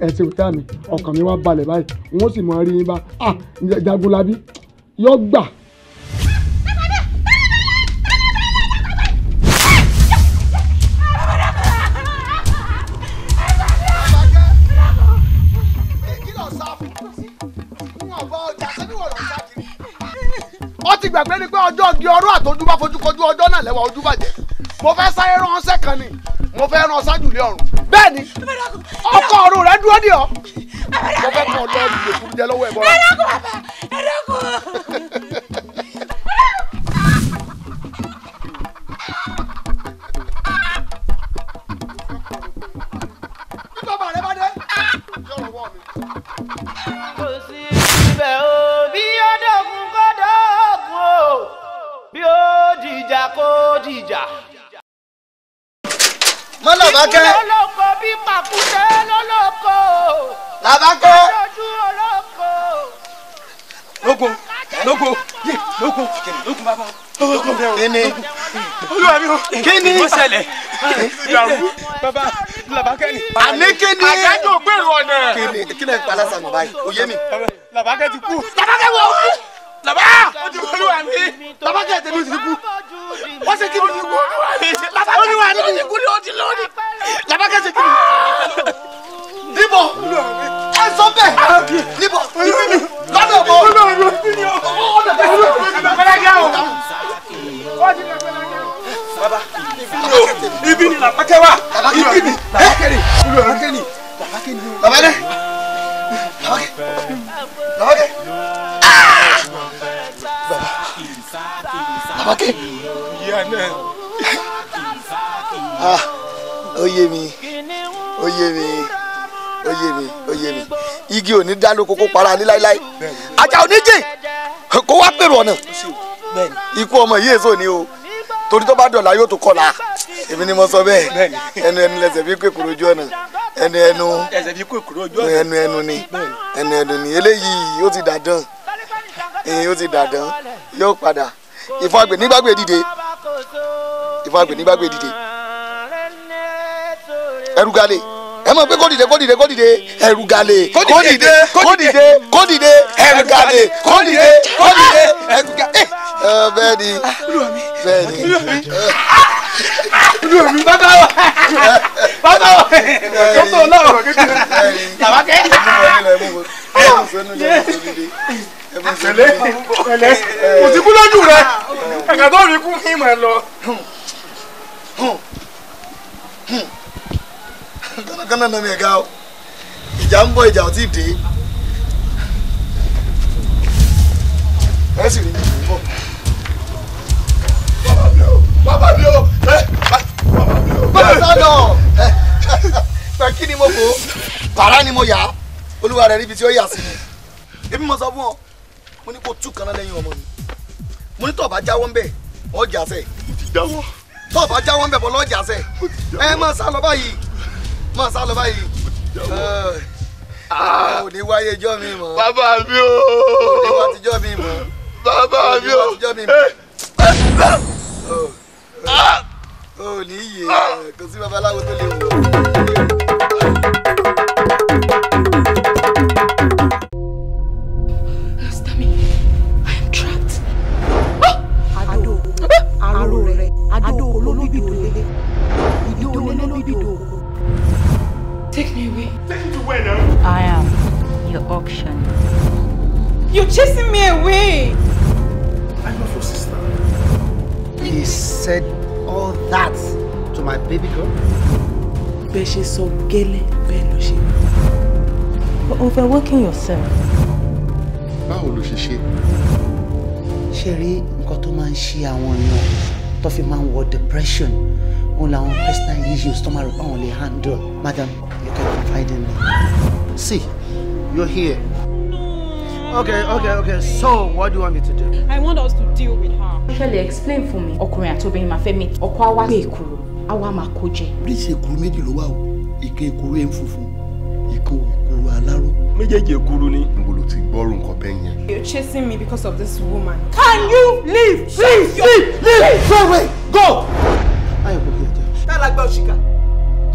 ẹ ṣe wíta mi ọkàn mi wá balẹ̀ báyìí wọ́n sì mọ rí yín bá jagunlabi yọ gbà. ó ti gbàgbé ni pé ọjọ́ di ọrọ̀ àtọ́jú fojú kojú ọjọ́ náà lẹ́wà ojú bàjẹ́. mo fẹ́ sáré ránṣẹ́ kan ni mo fẹ́ ràn sájùlé ọ̀run bẹ́ẹ̀ ni ọkọ ọ̀run rẹ dúró dè ọ́ mo fẹ́ kàn lọ ìdè fún jẹ lọ́wọ́ ẹ̀ bọ́lá. kò mọ làbákẹ́. ikú lolóko bí pàkúté lolóko. làbákẹ́. lójú olóko. lóko lóko yé lóko bàbá lóko olúwa mi o kíni. mo ṣẹlẹ̀ ìdààmú bàbá làbákẹ́ ni. àní kíni. àdájọ́ gbèrò ọ̀nà. kíni kíni pàlásà nù báyìí o yé mi. làbákẹ́ ti kú. làbákẹ́ wọ̀ baba ojúbọlú wa mi baba kẹ tẹmí ti kú wọn ṣe kiri ti kú baba kẹ tẹmí ti kú ni o ti lọ ni baba kẹ ṣe kiri níbọ ẹ sọ bẹ́ẹ̀ níbọ ìbí lọ́dọ̀ bọ ọdọ bẹ́ẹ̀ baba ibi ni labakẹ wa ibi ni labakẹ ni labakẹ ni labakẹ ni labakẹ labakẹ. fàáké. ìyá ah ó yé mi ó yé mi ó yé mi ó yé mi igi ò ní dá lóko kó para ní láíláí ajá oníjì kó wá pèrò ọ̀nà ikú ọmọ yìí èso ni o torí tó bá dọ̀la yóò tó kọ̀la èmi ni mo sọ bẹ́ẹ̀ ẹnu ẹnu lẹsẹ̀ fi kékeré ojú ọ̀nà ẹnu ẹnu ẹnu ẹnu ni ẹnu ẹnu ni eléyìí ó ti dàdán ó ti dàdán yóò padà ìfọ̀n àgbẹ̀ nígbàgbé dìde ìfọ̀n àgbẹ̀ nígbàgbé dìde ẹrú gale ẹ mọ̀ pé kó dìde kó dìde kó dìde ẹrú gale kó dìde kó dìde kó dìde ẹrú gale kó dìde kó dìde ẹrú gale. bẹ́ẹ̀ ni bẹ́ẹ̀ ni olúwa mi bá báwọ bá báwọ dókítà ọlọ́rọ̀ kékeré làwákẹ́ pẹ̀lẹ́ pẹ̀lẹ́ kò sí kú lójú rẹ kàkà tó rí kú kí mà lọ. kánnàkánnà nà mí ẹ̀ga o ìjà ń bọ̀ ìjà ò tí ì dé ẹ sì rí mi bọ̀. bàbá mi o bàbá mi o bàbá mi o. bàbá sọ̀dọ̀ pẹ̀ kí ni mo kó bàrà ni mo yà olúwa rẹ̀ níbi tí ó yà sí mi èmi mo sọ fún ọ mo ní kó tú kan lẹ́yìn ọmọ mi mo ní tọ́ọ̀bá jáwọ́ ń bẹ̀ ọjà sẹ̀ tọ́ọ̀bá jáwọ́ ń bẹ̀ bọ́ lọ́jà sẹ̀ ẹ máa sá lọ báyìí máa sá lọ báyìí ah. ò ní wáyé jọ́ mi mọ́ bàbá mi o ò ní wá tijọ́ mi mọ́ bàbá mi o eh. ò ní yé ah. kò sí babaláwo tó lè wò adó olóbìdó lélẹ̀ ìdó olóbìdó Take me away. Take me to where now? I am your auction. You're chasing me away. I'm not your sister. He said all that to my baby girl. But she's so gẹ́lẹ́ bẹ́ẹ̀ ló You're overworking yourself. Báwo ló ṣe ṣe? Sherry, rí nǹkan tó máa ń ṣe àwọn èèyàn? tó fi máa ń wọ depression òun làwọn personal issues tó máa rò pé àwọn lè handle madam you can confide in me. see you're here. Okay, okay, okay. So, what do you want me to do? I want us to deal with her. Actually, explain for me. Ọkùnrin àti obìnrin ma fẹ́ mi. Ọkọ àwa gbé èkúrò, àwa máa kó jẹ. Bí ìṣèkúrú méjì ló wà o, ìkan èkúrú ẹ̀ ń funfun, ìkan òkú méjèèjì èkuru ni. níbo ló ti gbọ́rù nǹkan bẹ́ẹ̀ yẹn. you're chasing me because of this woman. can you leave please leave leave go away go. ayọ̀ kò kí ọjà. tára gba òṣìkà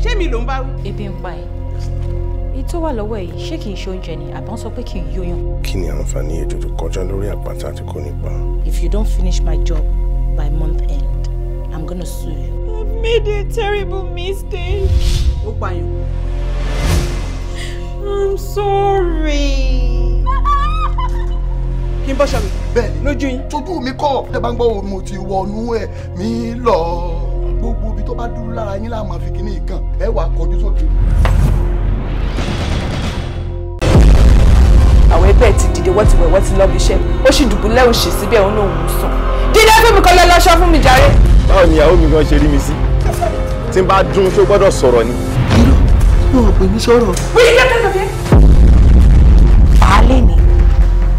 ṣé mi ló ń bá wí. ebi ń pa ẹ tó wà lọ́wọ́ yìí ṣé kì í ṣe oúnjẹ ni àbá ń sọ pé kì í yóyàn. kí ni àǹfààní ètò kọjá lórí àpáta tí kò ní pa. if you don't finish my job by month end i'm gonna sue you. i've made a terrible mistake. ó pààyàn. I'm sorry. kí n bá ṣàmì bẹ́ẹ̀ lójú yín. tójú mi kọ́ ẹ bá ń gbọ́ mo ti wọnú ẹ̀ mi lọ. gbogbo ibi tó bá dúró lára yín láàmú àfi kíní ìkan ẹ wàá kọjú sókè. àwọn ẹgbẹ́ ti dìde wọ́tiwẹ̀ wọ́ti lọ́bi iṣẹ́ ó sì dùbúlẹ̀ òṣì síbẹ̀ òun náà ń sùn. dídá fún mi kọ́ lọ́lọ́ṣọ́ fún mi jàre. báwo ni ìyàwó mi gan ṣe rí mi sí tí n bá dún ṣó gbọ́dọ̀ sọ̀rọ̀ ni ló ń pè mí sọ̀rọ̀. wí ilé kẹsàn-án fi. baálé ni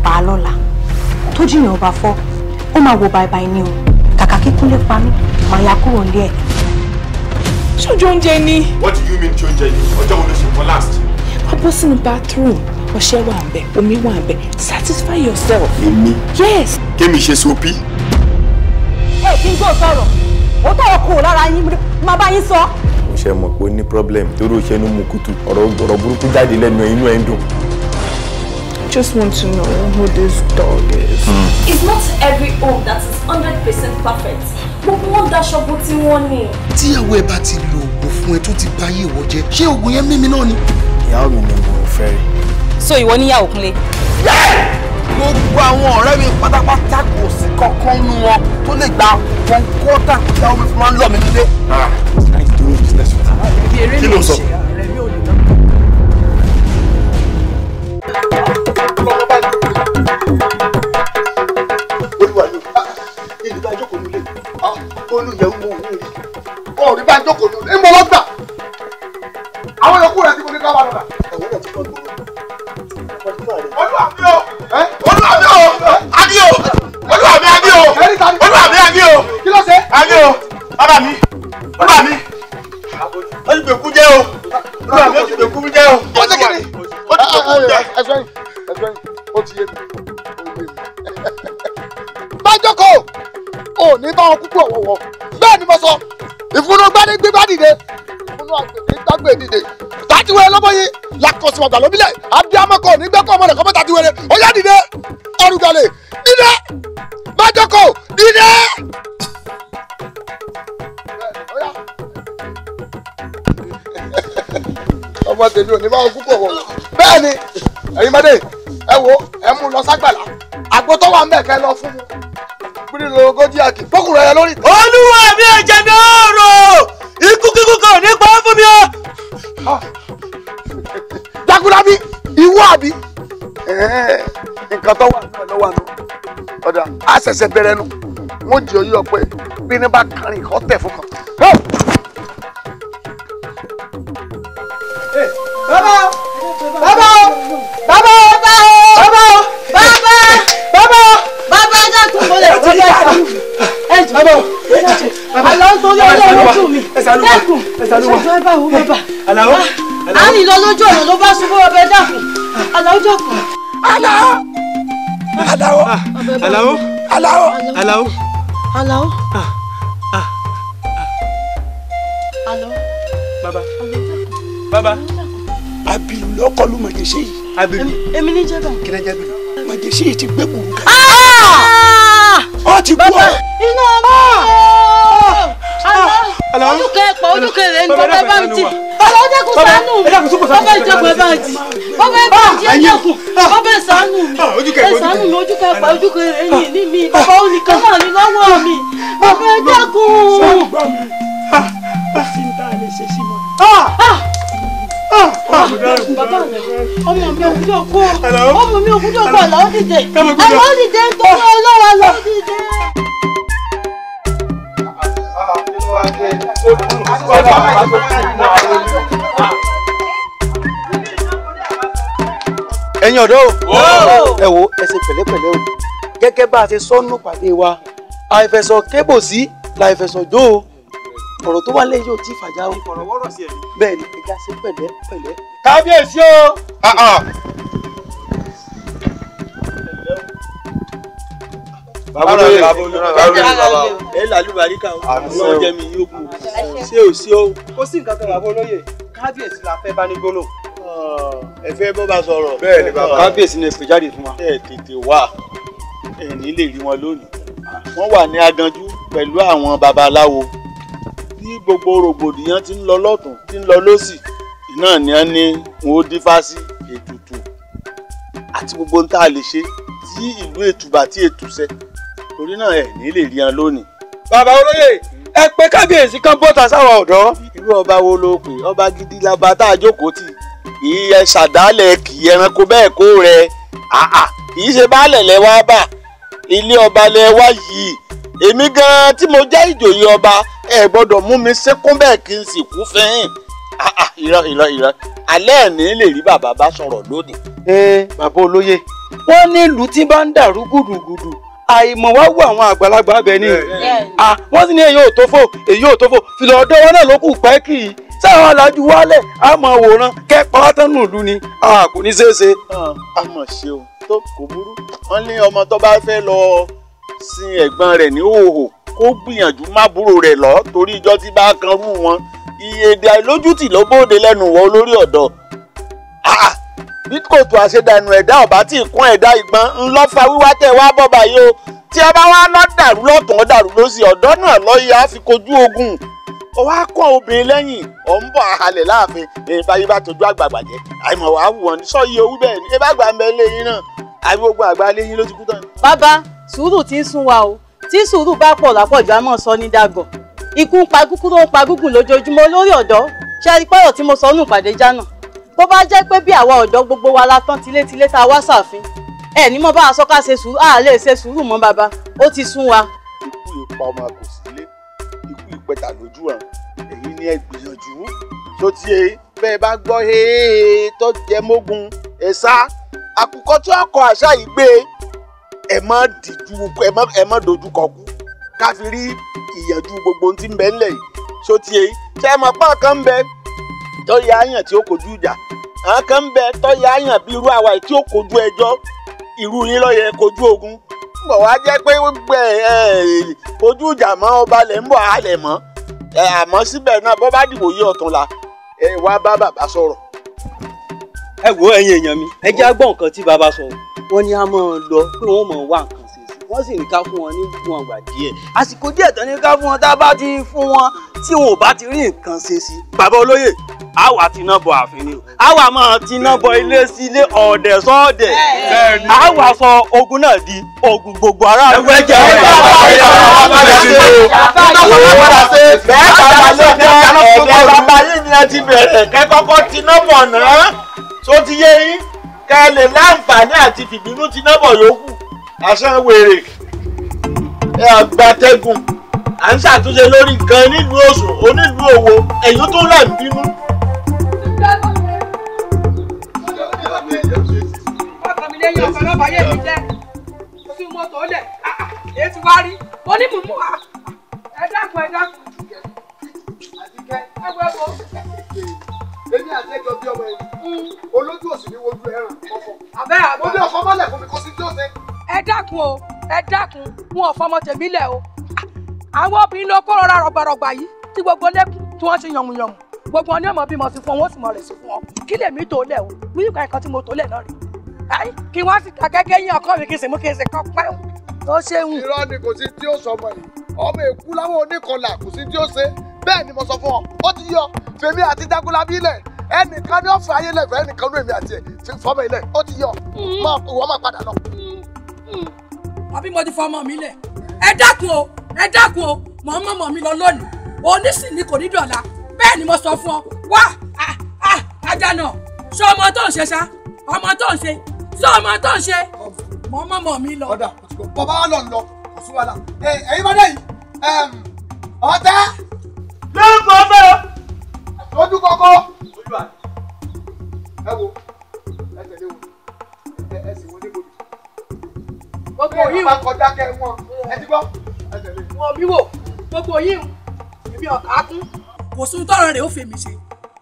baálọ́la tó jìyàn ọba fọ́ ó máa wo bàbá ẹni o kàkà kíkún lè pa mí màá ya kúrò ní ẹ̀. ṣojú oúnjẹ ni. what do you mean ṣoúnjẹ ni ọjọ́ wo ló ṣe fún last. wọ́n bọ́ sínú bathroom ọṣẹ wà ń bẹ omi wà ń bẹ satisfy yourself. èmi. yes. kémi ṣe sopi. ẹ kí n gbọ́ sọ̀rọ̀ òótọ́ ọkùnrin lára yín máa bá yín sọ ṣe mọ̀ pé ó ní problem torí ó ṣe inú mu ọ̀rọ̀ ọ̀rọ̀ burúkú jáde lẹ́nu inú ẹ̀ ń dùn. Just want to know who this dog is. Mm. It's not every home that is hundred percent perfect. Gbogbo wọn daṣọ bó tí wọ́n ní. Tíyàwó ẹ bá ti lo oògùn fún ẹ tó ti báyé ìwọ jẹ, ṣé oògùn yẹn mímí náà ni? Ìyàwó mi ni mo fẹ́ rí. So ìwọ níyàwó kúnlé. Yeah! gbogbo àwọn ọ̀rẹ́ mi pátápátá kò sí kankan nu wọn tó lè gba kọ́ńkọ́tà kí àwọn mi fi ń lọ mi nílé. Ah, kí ló sọ. olùwàlú ìlú bá nílé olùyẹ̀wò ọ̀rí bá jókòó àgbà ló bílẹ̀ abiyamọkọ onígbẹ́kọ̀ ọmọ rẹ̀ kọ́ mẹ́ta ti wẹ̀rẹ̀ ó yá dìde ọ̀rùgàlẹ̀ dìde májọkọ̀ dìde. ọmọ tèmi ò ní bá wọn púpọ̀ wọ bẹ́ẹ̀ ni ẹ̀yin mọ́dé ẹ wo ẹ mú lọ ságbàlá àgbo tó wà ń bẹ̀ kẹ́ lọ fún mi. ṣẹ̀ṣẹ̀ bẹ̀rẹ̀ nu wọ́n jẹ́ oyè ọ̀pẹ bí ní bá kárin ọ̀tẹ̀ fún kan. bàbá bàbá bàbá bàbá bàbá bàbá bàbá bàbá ẹja tún mo lè wọlé ẹja bàbá àlọ́ nítorí ọlọ́run tún mi dẹ́kun ṣètò ẹ bá wo bàbá a ní lọ lójú ọ̀nà ló bá ṣubú ọbẹ̀ dàkún àlọ́ jọ̀kún. àlọ́ àlọ́ ah, àlọ́. Alao. Alao. Alao. Ah ah ah. Alao. Baba. Baba. Abilu lọ́kọ́ ló màjèṣe yìí. Abilu. Èmi ní jẹ́ bẹ́ẹ̀. Kìnìún jẹ́ bẹ́ẹ̀. Màjèṣe yìí ti gbé kùrù Ah. Ó ti kú ọ. Iná ọ̀rọ̀. Ah! Alao. Olùkẹ́ ẹ̀pọ̀ olùkẹ́ rẹ̀ ń gbọ́ bẹ́ẹ̀ bá mi ti. Alao dẹ́kun ṣàánú mi. Bọ́bá ìjọba ẹ̀ bá ti. Bọ́bá ẹ̀ bá ti ẹ̀ dẹ́kun. Bọ́bá ẹ̀ ṣàánú mi ẹ ṣàánú ká pa ojú kan ẹ̀yìn ní mi bàbá onìkan náà ní lọ́wọ́ mi bàbá ẹ dẹ́kun. sọ́ọ̀nù gbọ́ mi ó sì ta àlè ṣe sí mọ́. Bàbá mi, ọmọ mi òkúdọ̀ ọmọ mi òkúdọ̀ kó àlọ́ dìde, àlọ́ dìde ń tọ́jú ọlọ́wà lọ dìde. Thank you. ẹ̀yin ọ̀dọ́ o ẹ wo ẹ ṣe pẹ̀lẹ́pẹ̀lẹ́ o gẹ́gẹ́ bá a ṣe sọ́nù pàdé wa àìfẹsọ kébò sí láìfẹsọ jó o ọ̀rọ̀ tó wà lẹ́yìn yóò ti fàjà o bẹ́ẹ̀ ni ẹja ṣe pẹ̀lẹ́pẹ̀lẹ́. kábíyèsí o. babolóye babolóye ẹ làlúbarí kan ọmọ jẹmi yóò kú ṣé o ṣé o. kò sí nǹkan kan babolóye kábíyèsí la fẹ́ bá ní gbóná ẹ fẹ́ bọ́ bá sọ̀rọ̀. bẹ́ẹ̀ ni bàbá kábíyèsí ni ìpèjáde fún wa. ẹ tètè wá ẹni lè rí wọn lónìí wọ́n wà ní aganjú pẹ̀lú àwọn babaláwo bí gbogbo rògbòdìyàn ti ń lọ lọ́tún ti ń lọ lọ́sì iná ni wọ́n ní wọn ó dífá sí ètùtù àti gbogbo ohun tá a lè ṣe tí ìlú ètùbà tí ètùsẹ torí náà ẹ ní lè rí wọn lónìí. bàbá olóyè ẹ pé kábíyèsí kan bọ́ta sáwọn ọ̀dọ́. irú ọba wo ló pè ọba gidi la tá a jókòó tì í ìyẹn ṣàdálẹ̀ kì í ẹranko bẹ́ẹ̀ kó rẹ àà kì í ṣe baálẹ̀ lẹ wá bà ilé ọba lẹ wá yìí èmi gan-an tí mo jẹ́ ìjòyè ọba ẹ gbọ́dọ̀ mú mi ṣẹ́kún bẹ́ẹ̀ kí n sì kú fẹ́yìn àà ìran ìran ìran alẹ́ ẹ̀ní lè rí bàbá bá sọ̀rọ̀ lónìí. ẹ bàbá olóye wọn nílùú tí bá ń dàrú gùdùgùdù àìmọ̀ wá wọ àwọn àgbàlagbà abẹ ni wọ́n sì ní èyí ò tó fò èyí ò tó fò fìlà ọ̀dọ́ wọn náà ló kù pẹ́ kì í sáwọn alájú wálẹ̀ àmọ́ òwòrán kẹ́pọ̀ tánù ìlú ni kò ní ṣeé ṣe. àmọ̀ ah. ṣe o tó kò burú wọ́n ní ọmọ tó bá fẹ́ lọ sin ẹ̀gbọ́n rẹ̀ ní hòhò kó gbìyànjú mábúrò rẹ̀ lọ torí ìjọ tí bá kan rú wọn iye èdè àìlójútì ló bóde lẹ́nu wọ olórí ọ̀dọ́ ah, bí kò tó àṣedànù ẹ̀dá ọ̀bá tí kún ẹ̀dá ìgbọ́n ńlọ́fà wíwá tẹ̀ wá bọ́ báyìí o tí ẹ bá wá dàrú lọ́tún dàrú lọ́sì ọ̀dọ́ náà lọ́ọ́ yá fi kojú ogun ọ wá kọ́ obìnrin lẹ́yìn ọ̀ ń bọ̀ àhàlẹ̀ láàfin èèfà yìí bá tọ́jú àgbààgbà jẹ́ àìmọ̀ wàá wù ọ́ ní sọ́yìí owó bẹ́ẹ̀ ni ebá gbà ń bẹ léyìn náà àbí gbogbo àgbà léyìn ló ti kú tán. bàbá sùúrù ti ń sún wa o tí sùúrù bá pọ̀ lápọ̀jù á mọ̀ sọ ní dàgọ̀ ikú ń pa kúkúrú ń pa gúgùn lójoojúmọ́ lórí ọ̀dọ́ ṣe rí pọ̀rọ̀ tí mo sọ nù pàdé jánà tó bá jẹ́ pé bí àwa ọ̀dọ́ gbogbo wa la tán tilétilé ta wá sàfin ẹ ní mo bá a sọ ká ṣe sùúrù àá lè ṣe sùúrù mọ́ bàbá ó ti sún wa. ikú ìpa ọmọ kò sí pẹ̀tà lójú ọ̀run èyí ní ẹ gbìyànjú tó ti ẹ bá gbọ́ ee tó jẹ mógun ẹ sá àkùkọ tí wọ́n àṣà yìí gbé ẹ má dìjú ẹ má dojú kọ kú gbogbo ti ẹ kan ń bẹ tó yẹ àyàn tí ó kojú ìjà ogun bọ̀ wá jẹ́ pé ojú ìjà mọ́ ọba lẹ̀ ń bọ̀ halẹ̀ mọ́ àmọ́ síbẹ̀ náà bọ́ bá dìbò yí ọ̀tún la ẹ wá bá bàbá sọ̀rọ̀. ẹ wo ẹ̀yin èèyàn mi ẹ jẹ́ gbọ́ nǹkan tí bàbá sọ wọ́n ní a máa lọ pé wọ́n máa wá nǹkan ṣe sí wọ́n sì ní ká fún wọn ní fún wọn gbà àsìkò díẹ̀ tán ní ká fún wọn tá a bá ti fún wọn tí wọn ò bá ti rí nǹkan ṣe sí bàbá olóyè àwa ti ná bọ àfin ni o àwa máa ti ná bọ ilé sí ilé ọ̀dẹ̀ sọ́ọ̀dẹ̀ àwa sọ ogun náà di ogun gbogbo aráàlú. ẹgbẹ́ jẹ́ ẹgbẹ́ bàbá yìí ni ẹ ti bẹ̀rẹ̀ kẹ́ kọ́kọ́ ti ná bọ̀ náà tó ti yé yín kẹ́ ẹ lè láǹfààní àti fìbínú ti ná bọ̀ yòókù àṣà wèrè ẹ àgbàtẹ́gùn à ń ṣàtúnṣe lórí nǹkan nílùú Ọ̀ṣun onílùú Òwo ẹ̀yìn tó là ń bínú. ẹyìn ọkọ náà báyé mi jẹ o ti mọ tó lẹ èyí ti wá rí mo ní mú mú wa ẹ dákun ẹ dákun ẹ wẹ wo. èmi àti ẹjọ bí ọmọ ẹni olójú òsì ni wojú ẹran ọkọ abẹ́ àbá mo ní ọkọ mọ́lẹ̀ fún mi kó sí tí ó ṣe. ẹ dákun o ẹ dákun wọn ò fọmọ tèmi lẹ o àwọn obìnrin ló kó rọra rọgbàrọgbà yìí tí gbogbo lẹ́kùn tí wọ́n ṣe yànmùyànmù gbogbo wọn ní ọmọ bímọ sí fún wọn ó sì mọ rẹ̀ sí fún wọn kí lèmi tó lẹ̀ o mí ìgbà nǹkan tí mo tó lẹ̀ náà rè é kí wọ́n sì kàkẹ́kẹ́ yín ọkọ mi kí n sì mú kí n sì kọ́ pẹ́ tó ṣeun. irọ́ ni kò sí tí ó sọ ọmọ yìí ọmọ èkú láwọn oníkọlà kò sí tí ó ṣe bẹ́ẹ̀ ni mo sọ fún ọ ó ti yọ fèmí àti dágúnlábí lẹ̀ ẹnìkan ní ọ̀fọ̀ ayé lẹ̀fẹ̀ ẹnìkan ní èmi àti ẹ̀ fọmọ ilẹ̀ ó ti yọ mm. ìwọ máa padà lọ. Mm. Mm àbí mo ti fọ ọmọ mi lẹ̀ ẹ dákun o ẹ dákun o mọ̀ ń mọ̀mọ́ mi lọ lónìí onísìn ni kò ní dọ̀la bẹ́ẹ̀ ni mo sọ fún ọ wá ajá náà ṣé ọmọ tó ń ṣe ṣá ọmọ tó ń ṣe ṣé ọmọ tó ń ṣe mọ̀ ń mọ̀mọ́ mi lọ. ọ̀dà bàbá wa lọ lọ kò sí wàhálà ẹ̀yin bá dẹ́yìn ọ̀tá. lóògùn ọmọ ojú kọ̀ọ̀kan. ojú àná ẹ wo ẹ tẹ̀lé wo ẹ sì wọlé gbogbo yìí wọn kọjá kẹ wọn ẹ ti gbọ́. wọn bí wò gbogbo yìí èmi ọ̀ká kún. kò sún tọrọ rẹ ó fèmí ṣe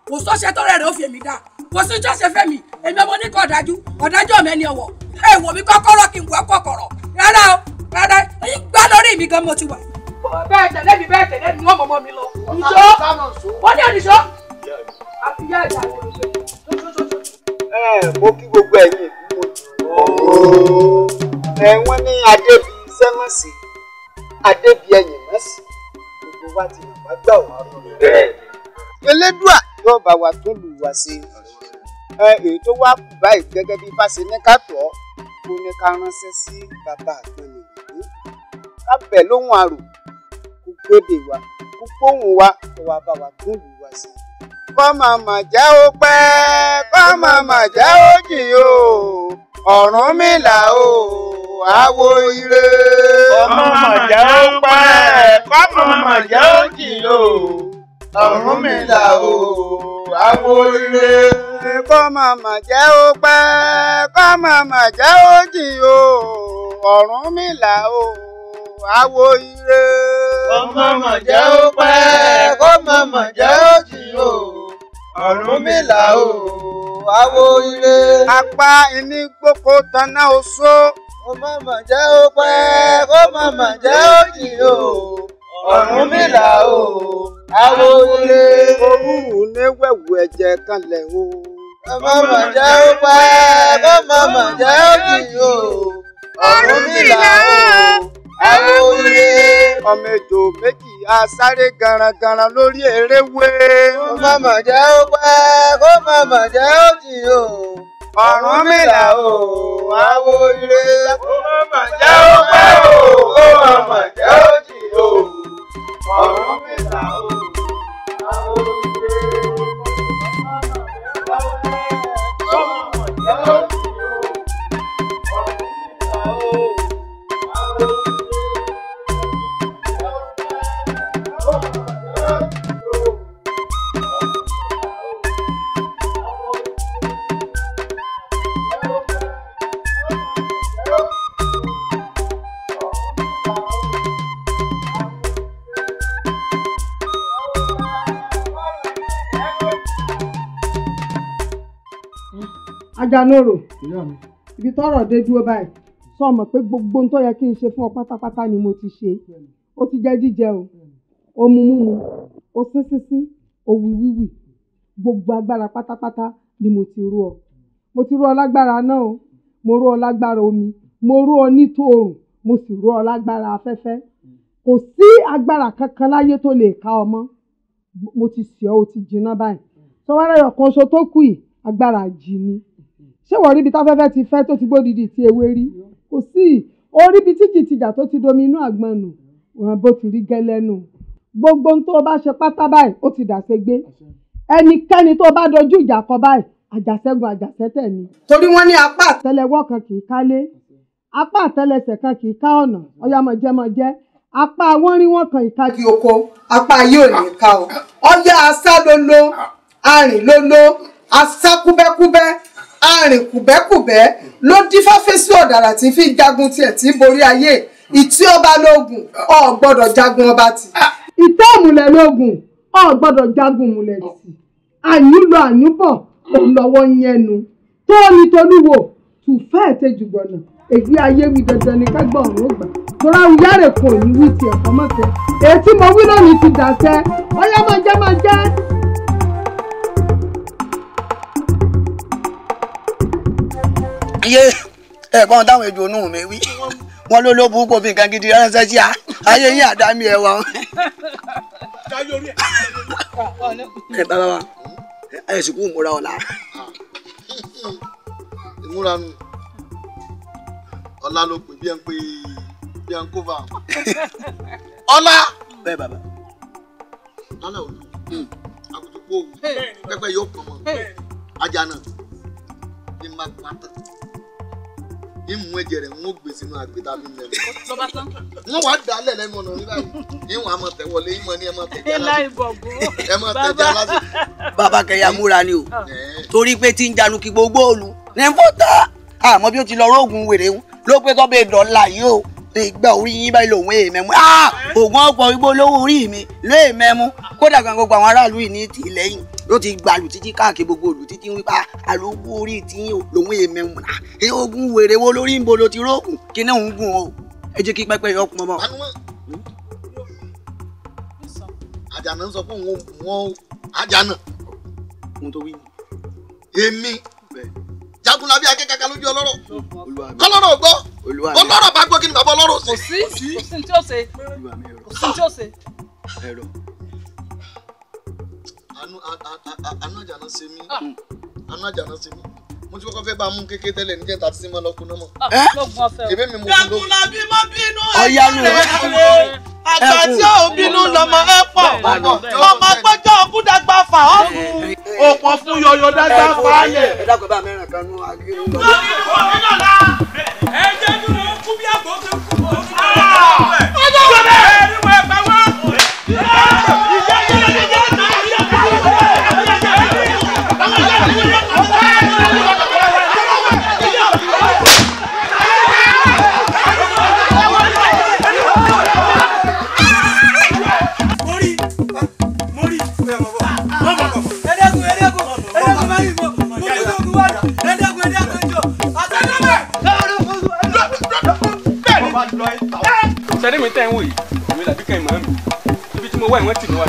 kò sọ́ṣẹ́ tọrọ rẹ ó fèmí dá kò sún jọ́ṣẹ́ fẹ́mi èmi ọmọ ní kò ọ̀dájú ọ̀dájú ọ̀mọ ẹni ọ̀wọ̀ ẹ wò mí kọ́kọ́rọ́ kí n wọ́ kọ̀kọ̀rọ̀ rárá o rárá ẹyin gbá lórí mi gan mo ti wà. bẹ́ẹ̀ tẹ̀lé mi bẹ́ẹ̀ tẹ̀lé mi wọ́n mọ̀mọ́ mi lọ. nìṣó wọ́n ní ònìṣó. ẹ mo kí gbogbo ẹ̀yin ìbí mo jù ẹ wọ́n ní adébí sẹ́mọ̀sì adébí ẹ̀yìn mẹ́sì gbogbo wa ti nàbá gbà wá rọ bẹ́ẹ̀ elédùà yóò bá wa tó lù wá sí ẹ èyí tó wá kù báyìí gẹ́gẹ́ bí bá ṣe ní ká tọ́ kó ní ká ránṣẹ́ sí bàbá àgbọ̀nì ìlú kábẹ̀ lóhùn àrò kó gbébè wa kó kóhùn wa kó wa bá wa tó lù wá sí kọ́mọ màjá ó pẹ́ kọ́mọ màjá ó jì ó ọ̀run mi là ó wá wo ire. ọmọ màjá ó pẹ́ kọ́mọ màjá ó jìlò. ọ̀run mi là o wá wo ire. kọ́mọ màjá ó pẹ́ kọ́mọ màjá ó jìlò. ọ̀run mi là o wá wo ire. ọmọ màjá ó pẹ́ kọ́mọ màjá ó jìlò. ọ̀run mi là o àwo ire. apá ìní gboko tanná oṣó kó má mà jẹ́ ó pẹ́ kó má mà jẹ́ ó jì o Ọ̀rúnmìlà o awolé owúwú ní wẹ̀wù ẹ̀jẹ̀ kanlẹ̀ o. kó má mà jẹ́ ó pẹ́ kó má mà jẹ́ ó jì o Ọ̀rúnmìlà o awolé. ọmọ ejò méjì a sáré garangaran lórí eréwé. kó má mà jẹ́ ó pẹ́ kó má mà jẹ́ ó jì o ọ̀run mìlà o àwo ire. ọmọ jẹ́ ó o ọmọ jẹ́ ó o ọ̀run mìlà o àwo ire. Aganoro ibi tọ́rọ̀ dé dúró báyìí sọ mọ̀ pé gbogbo ohun tó yẹ kí n ṣe fún ọ pátápátá ni mo ti ṣe ó ti jẹ jíjẹ o ó mu mímu ó sín sínsín ó wí wíwì gbogbo agbára pátápátá ni mo ti rú ọ mo ti rú ọ lágbára náà o mo rú ọ lágbára omi mo rú ọ nítò oòrùn mo sì rú ọ lágbára afẹ́fẹ́ kò sí agbára kankan láyé tó lè ká ọ mo ti sì ọ o ti jiná báyìí sọ wá rẹ̀ ọ̀kan ṣo tó kù yìí agbára jì ni ṣé wọ́n rí ibi táfẹ́fẹ́ ti fẹ́ tó ti gbódìdì ti ewé rí kò sí orí ibi tí jìtìjà tó ti domi inú àgbọn nù wọn bó ti rí gẹ́lẹ́ nù gbogbo ohun tó o bá ṣe pátá báyìí ó ti dàṣẹ gbé ẹnikẹ́ni tó o bá dojú ìjà kọ báyìí àjàṣẹ́gun àjàṣẹ́tẹ̀ ni. torí wọ́n ní apá àtẹ́lẹwọ́ kan kì í kálé apá àtẹ́lẹsẹ̀ kan kì í ká ọ̀nà ọ̀yà mọ̀jẹ́mọ̀jẹ́ apá wọ́n rí wọ́n kan ìka kí oko apá yìí ò ní ká o ọ̀yà asálólo arìnlólo asákúbẹ́kúbẹ́ arìn kùbẹ́kùbẹ́ ló dífá fèsì ọ̀dàrà tí fi jagun tiẹ̀ tí borí ayé ìtí ọba lóògùn ò gbọ́dọ̀ jagun ọba tì. ìtẹ́ ìmùlẹ̀ lóògùn ò gbọ́dọ̀ jagun ìmùlẹ̀ tì àyùnlọ àyùnbọ̀ òun lọ́wọ́ yẹn nu tó ní tolúwo tù fẹ́ ètejù gbọ̀nà èyí ayé wí dandan ni kágbọ́ ọ̀run ó gbà tora ìyáàrẹ̀ kò ní wí ti ẹ̀kọ́ èyí tí mo wí lónìí ti dà sẹ́ ọyá máa jẹ́ máa jẹ́. yé ẹ̀gbọ́n táwọn ejò onú mi wí wọn ló ló burúkú òfin kan gidi ránṣẹ́ sí ayé yín àdámì ẹ wa. ẹ bàbá wa ẹ sùkú ìmúra ọ̀la. ìmúra nu ọlá ló pè bí ẹ ń pè bí ẹ ń kó bá ọlá. bẹ́ẹ̀ bàbá. lọ́lá òní àkùtù kó òwú pẹ́pẹ́ yóò pọ̀ mọ́ ajá náà ní má pa ìmú ẹ̀jẹ̀ rẹ̀ ń gbèsè nínú àgbẹ̀dá mi lẹ́nu. lọ́ba tán. wọ́n wá dà á lẹ̀ lẹ́nu ọ̀nà nígbà yìí ìwọ̀n àmọ̀ tẹ̀wọlé ìmọ̀ ni ẹ máa tẹ̀jẹ̀ lásìkò. ẹ máa tẹ̀jẹ̀ lásìkò. bàbá kẹyà múra ni o ah. torí pé tí ń janu kí gbogbo òlu ní fọ́tà àmọ́ bí ó ti lọ rógùn wèrè ń ló pé tọ́ bẹ́ẹ̀ dọ̀la yìí o ìgbà orí yín báyìí lòun èè mẹ́mu oògùn ah! ọ̀pọ̀ igbó olówó orí mi lóè mẹ́mu kódà gan gbogbo àwọn aráàlú yìí yóò ti gba àlù títí káàkiri gbogbo òlù títí wípé àlùkù ah, orí tí lòun èèmẹ wùn náà ẹ ogun wèrè wo lórí ìbò ló ti rókùn kí náà ń gùn o ẹ jẹ́ kí pẹ́pẹ́ yọ ọkùn mọ́. àjànà ń sọ fún wọn àjànà. èmi jagunlabi akẹ́kẹ́kẹ́ lójú ọlọ́rọ̀ kọ́lọ́rọ̀ gbọ́ ọlọ́rọ̀ bá gbọ́ kí ni bàbá ọlọ́rọ̀ ṣe. kò sí kò sí ní tí ó ṣe àánú àjànà ṣe mí àánú àjànà ṣe mí mo ti kọ́kọ́ fẹ́ bá mú kékeré tẹ́lẹ̀ níjẹ́ tàbí sí mọ́ lọ́kùn náà mọ́. Ah, eh? èmi mi mo fi lóko. ẹkùn làbí mọ́ bínú ẹ̀yìn rẹ̀ wo àgbà tí ò bínú lọ́mọ ẹ pọ̀ ọmọ gbọ́jọ́ ọkúdàgbà fà ọ́ fún òpó fún yọyọ dágbà fà á yẹ. ẹ dákọ̀ bá mẹ́rin kan nú agé. wọ́n ní kò ní lọ́la ẹ jẹ́ dúró kú bí àgbò tó kú. ọjọ́ bẹ́ẹ̀ ni wọ́n ẹgbẹ́ wọn. máa lọ ẹ tà ó. sẹ́ni mi tẹ́ ń wò yìí èmi làbí kan ìmọ̀ mi ibi tí mo wá ìwọ̀n tì ni ẹ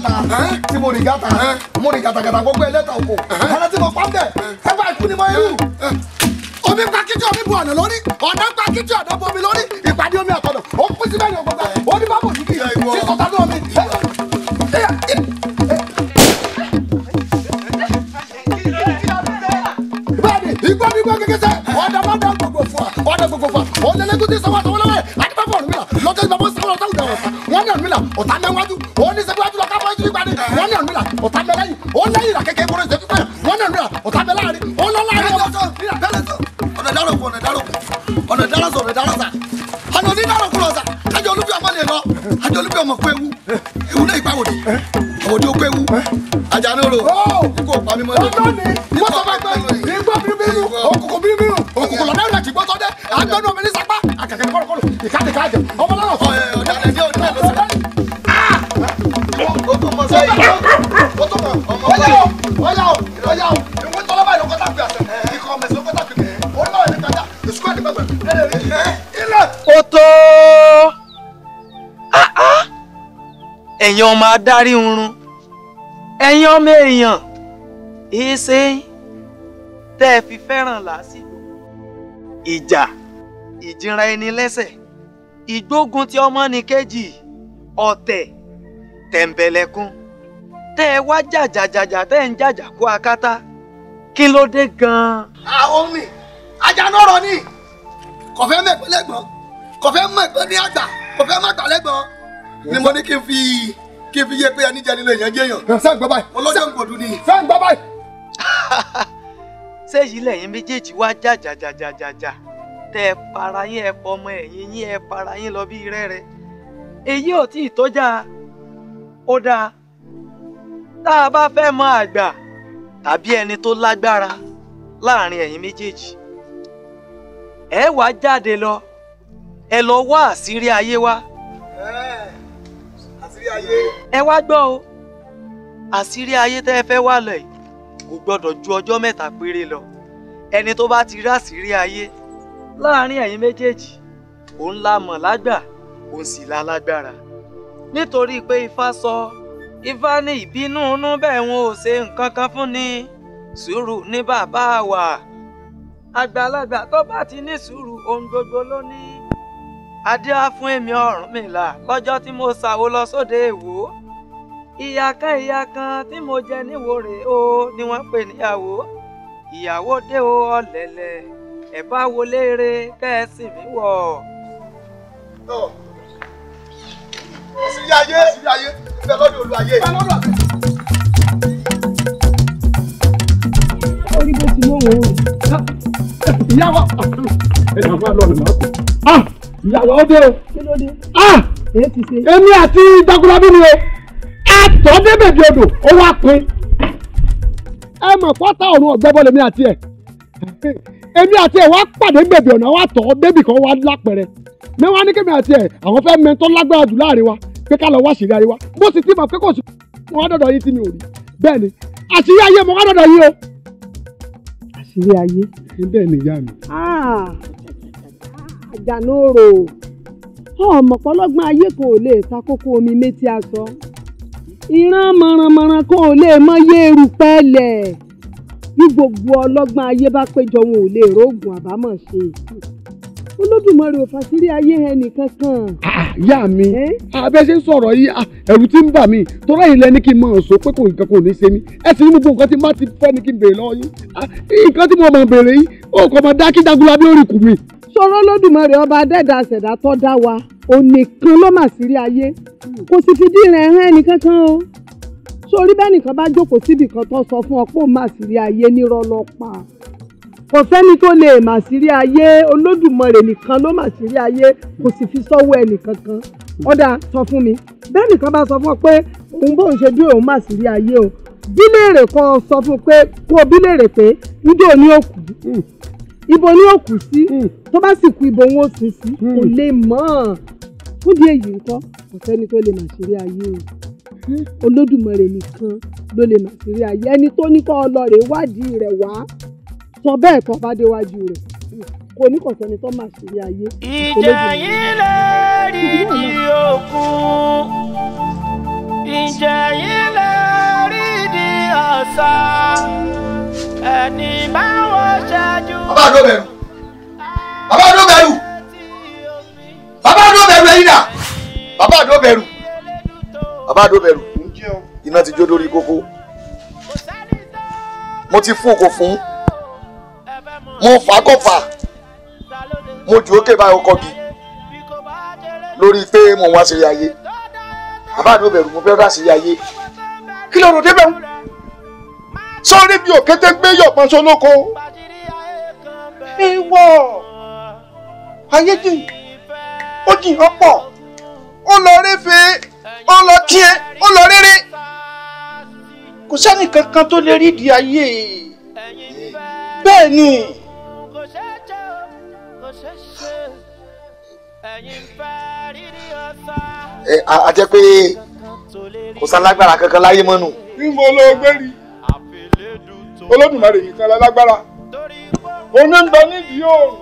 gata tí mo rìn gata mo rìn gàtàgàtà gbogbo ẹlẹ́ta oko ẹ̀rọ tí mo pa bẹ̀ ẹ bá ikú ni mo irú. omi pakiti omi bu ọ̀nà lórí ọ̀nà pakiti ọ̀nà bu omi lórí ìpàdé omi àtọ̀nà ó kú sí bẹ́ẹ̀ ni ọgbọ̀gbà ó ní bábò níbí tí ní omi. bẹ́ẹ̀ni igbó ní igbó gẹ́gẹ́ ọ̀dà má dá gbogbo fún wa ọ̀dà gbogbo fún wa ọ̀lẹ́lẹ́gùn ti sọ wà sọ́wọ́lọ́wọ́ ẹ̀ àdìbàbọ̀ ọ̀rùn mi là lọ́jọ́ ìgbà mọ́ sọ́wọ́ ọ̀tá ìgbà ọ̀tá bẹ lẹ́yìn ó lẹ́yìn ìlà kékeré kúrò ìṣẹ́jú pẹ̀lú wọn náà lura ọ̀tá bẹ láàrin ó lọ láàrin ọmọ. ọ̀nà ìdárò kù ọ̀nà ìdárò kù ọ̀nà ìdárò sọ ọ̀nà ìdárò sà ọ̀nà onídàrò kúrò sà àjọ olúbi ọmọ lè lọ àjọ olúbi ọmọ kú ewu ewu náà ìgbà wòde òde ó kú ewu àjànà òrò ikú òpá mímọ́ ní. wọ́n sọ fẹ́ gbẹ́ ẹ̀yin ọmọ adarí oorun ẹ̀yin ọmọ èèyàn èéṣe tẹ́ ẹ fi fẹ́ràn lásìkò ìjà ìjìnra ẹni lẹ́sẹ̀ ìgbógun ti ọmọnìkejì ọ̀tẹ̀ tẹ̀m̀bẹ̀lẹ̀kun tẹ́ ẹ wá jàjàjàjà tẹ́ ẹ ń jàjà kó akátá kí ló dé gan-an. àwọn mi ajá náà rọ ní kò fẹ́ mọ̀ lẹ́gbọ̀n kò fẹ́ mọ̀ ní àgbà kò fẹ́ mọ̀ lẹ́gbọ̀n. ni mo ní kí n fi kí n fi yé pé aníjàni lè yàn jẹyàn. sáà gbọ́ báyìí. ọlọ́jọ́ nǹkan dún ni. sáà gbọ́ báyìí. sẹ́yìn lẹ́yìn méjèèjì wá jàjàjàjàjà tẹ́ ẹ para yín ẹ pọ̀ ọmọ ẹ̀yìn yín ẹ para yín lọ bí rẹ́rẹ́ èyí ò tí ì tọ́jà ó dáa tá a bá fẹ́ mọ àgbà tàbí ẹni tó lágbára láàrin ẹ̀yin méjèèjì ẹ wá jáde lọ ẹ lọ wá àṣírí ayé wa ayé. ẹ wá gbọ́ o àṣírí ayé tẹ́ ẹ fẹ́ wà lọ yìí kò gbọ́dọ̀ ju ọjọ́ mẹ́ta péré lọ ẹni tó bá ti rí àṣírí ayé láàárín ẹ̀yin méjèèjì òun la mọ̀ lágbà òun sì la lágbára nítorí pé ifá sọ ifá ní ìbínú inú bẹ́ẹ̀ wọn ò ṣe nǹkan kan fún ni sùúrù ní bàbá wa àgbàlagbà tó bá ti ní sùúrù ohun gbogbo ló ní adé á fún èmi Ọ̀rúnmìlà lọ́jọ́ tí mo ṣàwo lọ sóde èwo ìyá kan ìyá kan tí mo jẹ níwò rèé o ni wọ́n pè níyàwó ìyàwó dé o ọ̀lẹ̀lẹ̀ ẹ̀ bá wo léere kẹ́ ẹ sì mí wọ̀. òsìrí ìyàwó ọdẹ o. kí ló dé. ah èmi àti jagunlabi ni o àtọ̀ débèbè odò ó wá pin ẹ mọ̀ pátá ọ̀run ọ̀gbẹ́bọ̀ lèmi àti ẹ̀ èmi àti ẹ̀ wá pàdé gbèbè ọ̀nà wá tọ̀ débì kan wá lápẹ̀rẹ̀ mi wá ní kémi àti ẹ̀ àwọn fẹ́ mẹ́tọ́ lágbára jù láàrin wa pé ká lọ wá ṣèlérí àríwá bó sì ti mọ̀ pé kò sí wọn dọ̀dọ̀ yìí tí mi ò rí bẹ́ẹ̀ ni àṣírí ayé mo wá dọ̀dọ̀ yìí o. àṣírí ayé. bẹ́ẹ̀ ni ìyá mi. Ah! àjànòrò ọmọ pọlọgbọn ayé kò lè ta kókó omi méjì aṣọ ìran mọ̀rànmọ̀ràn kò lè mọ yé erùpẹ̀ lẹ̀ bí gbogbo ọlọ́gbọ́n ayé bá péjọ wọn ò lè rógùn àbámọ̀ ṣe olódùmarè ò fàṣírí ayé ẹnìkan kan. Ah, ah, mi abẹ́ ah, ṣe ń sọ̀rọ̀ yìí ẹ̀rù tí ń bà mí tọ́lá yìí lẹ́ni kí n mọ ọ̀sọ́ pé kò nǹkan kò ní ṣe mí ẹ sì ní gbogbo nǹkan tí má ti fẹ́ ni kí n béèrè lọ́wọ́ yín nǹkan tí mo mọ̀ béèrè yìí ó kọ́ máa dá kí dágunlá ó rìn kù sọ̀rọ̀ lódùmarè ọba adẹ́dà àṣẹ̀dá tó dá wa ònìkan ló mà sí rí ayé kò sì fi dí rẹ̀ hàn ẹnì kankan o sórí bẹ́ẹ̀ nìkan bá jókòó síbi kan tó sọ fún ọ pé ó mà sí rí ayé nírọ́ ló pa kò sẹ́ni tó lè mà sí rí ayé olódùmarè nìkan ló mà sí rí ayé kò sì fi sọ́wọ́ ẹnì kankan ọ̀dà sọ fún mi bẹ́ẹ̀ nìkan bá sọ fún ọ pé òun bóun ṣe dúró òun mà sí rí ayé o bíléèrè kan sọ fún pé kó bíléèrè pé níjó ibo ni ó kù sí hmm. tó bá sì kú ibo wọn ó sin sí hmm. kò lè mọ̀ fún díẹ̀ yìí ńkọ́ kò sẹ́ni tó lè mà ṣeré ayé o hmm. olódùmarè nìkan ló lè mà ṣeré ayé ẹni tó ní kọ́ ọlọ́rè wádìí rẹ̀ wá sọ bẹ́ẹ̀ tó bá déwájú rẹ̀ kò ní kò sẹ́ni tó mà ṣeré ayé. ìjà yìí lè rí di òkun ìjà yìí lè rí di ọ̀sán ẹni báwọn ṣáájú. bàbá àdó bẹ̀rù bàbá àdó bẹ̀rù bàbá àdó bẹ̀rù ẹ̀yìn dà bàbá àdó bẹ̀rù bàbá àdó bẹ̀rù iná ti jó lórí kókó mo ti fún kò fún mo fà kò fà mo jù ókè báyìí ó kọgi lórí pé mo wá sí ayé bàbá àdó bẹ̀rù mo fẹ́ rà sí ayé kí ló rò débẹ̀ ń sọ́ọ́rí bí òkété gbé yọ̀pọ̀ sólóko. ìwọ ayé jìn ó jìn ọ̀pọ̀ ó lọ réfe ó lọ tiẹ̀ ó lọ rere kò sẹ́ni kankan tó lè rídìí ayé bẹ́ẹ̀ ni. ẹ a jẹ́ pé kò sálágbára kankan láyé mọ́nu. níbo ló gbé rí olódùmarè yìí kan lálágbára oní ń bẹ nídìí oòrùn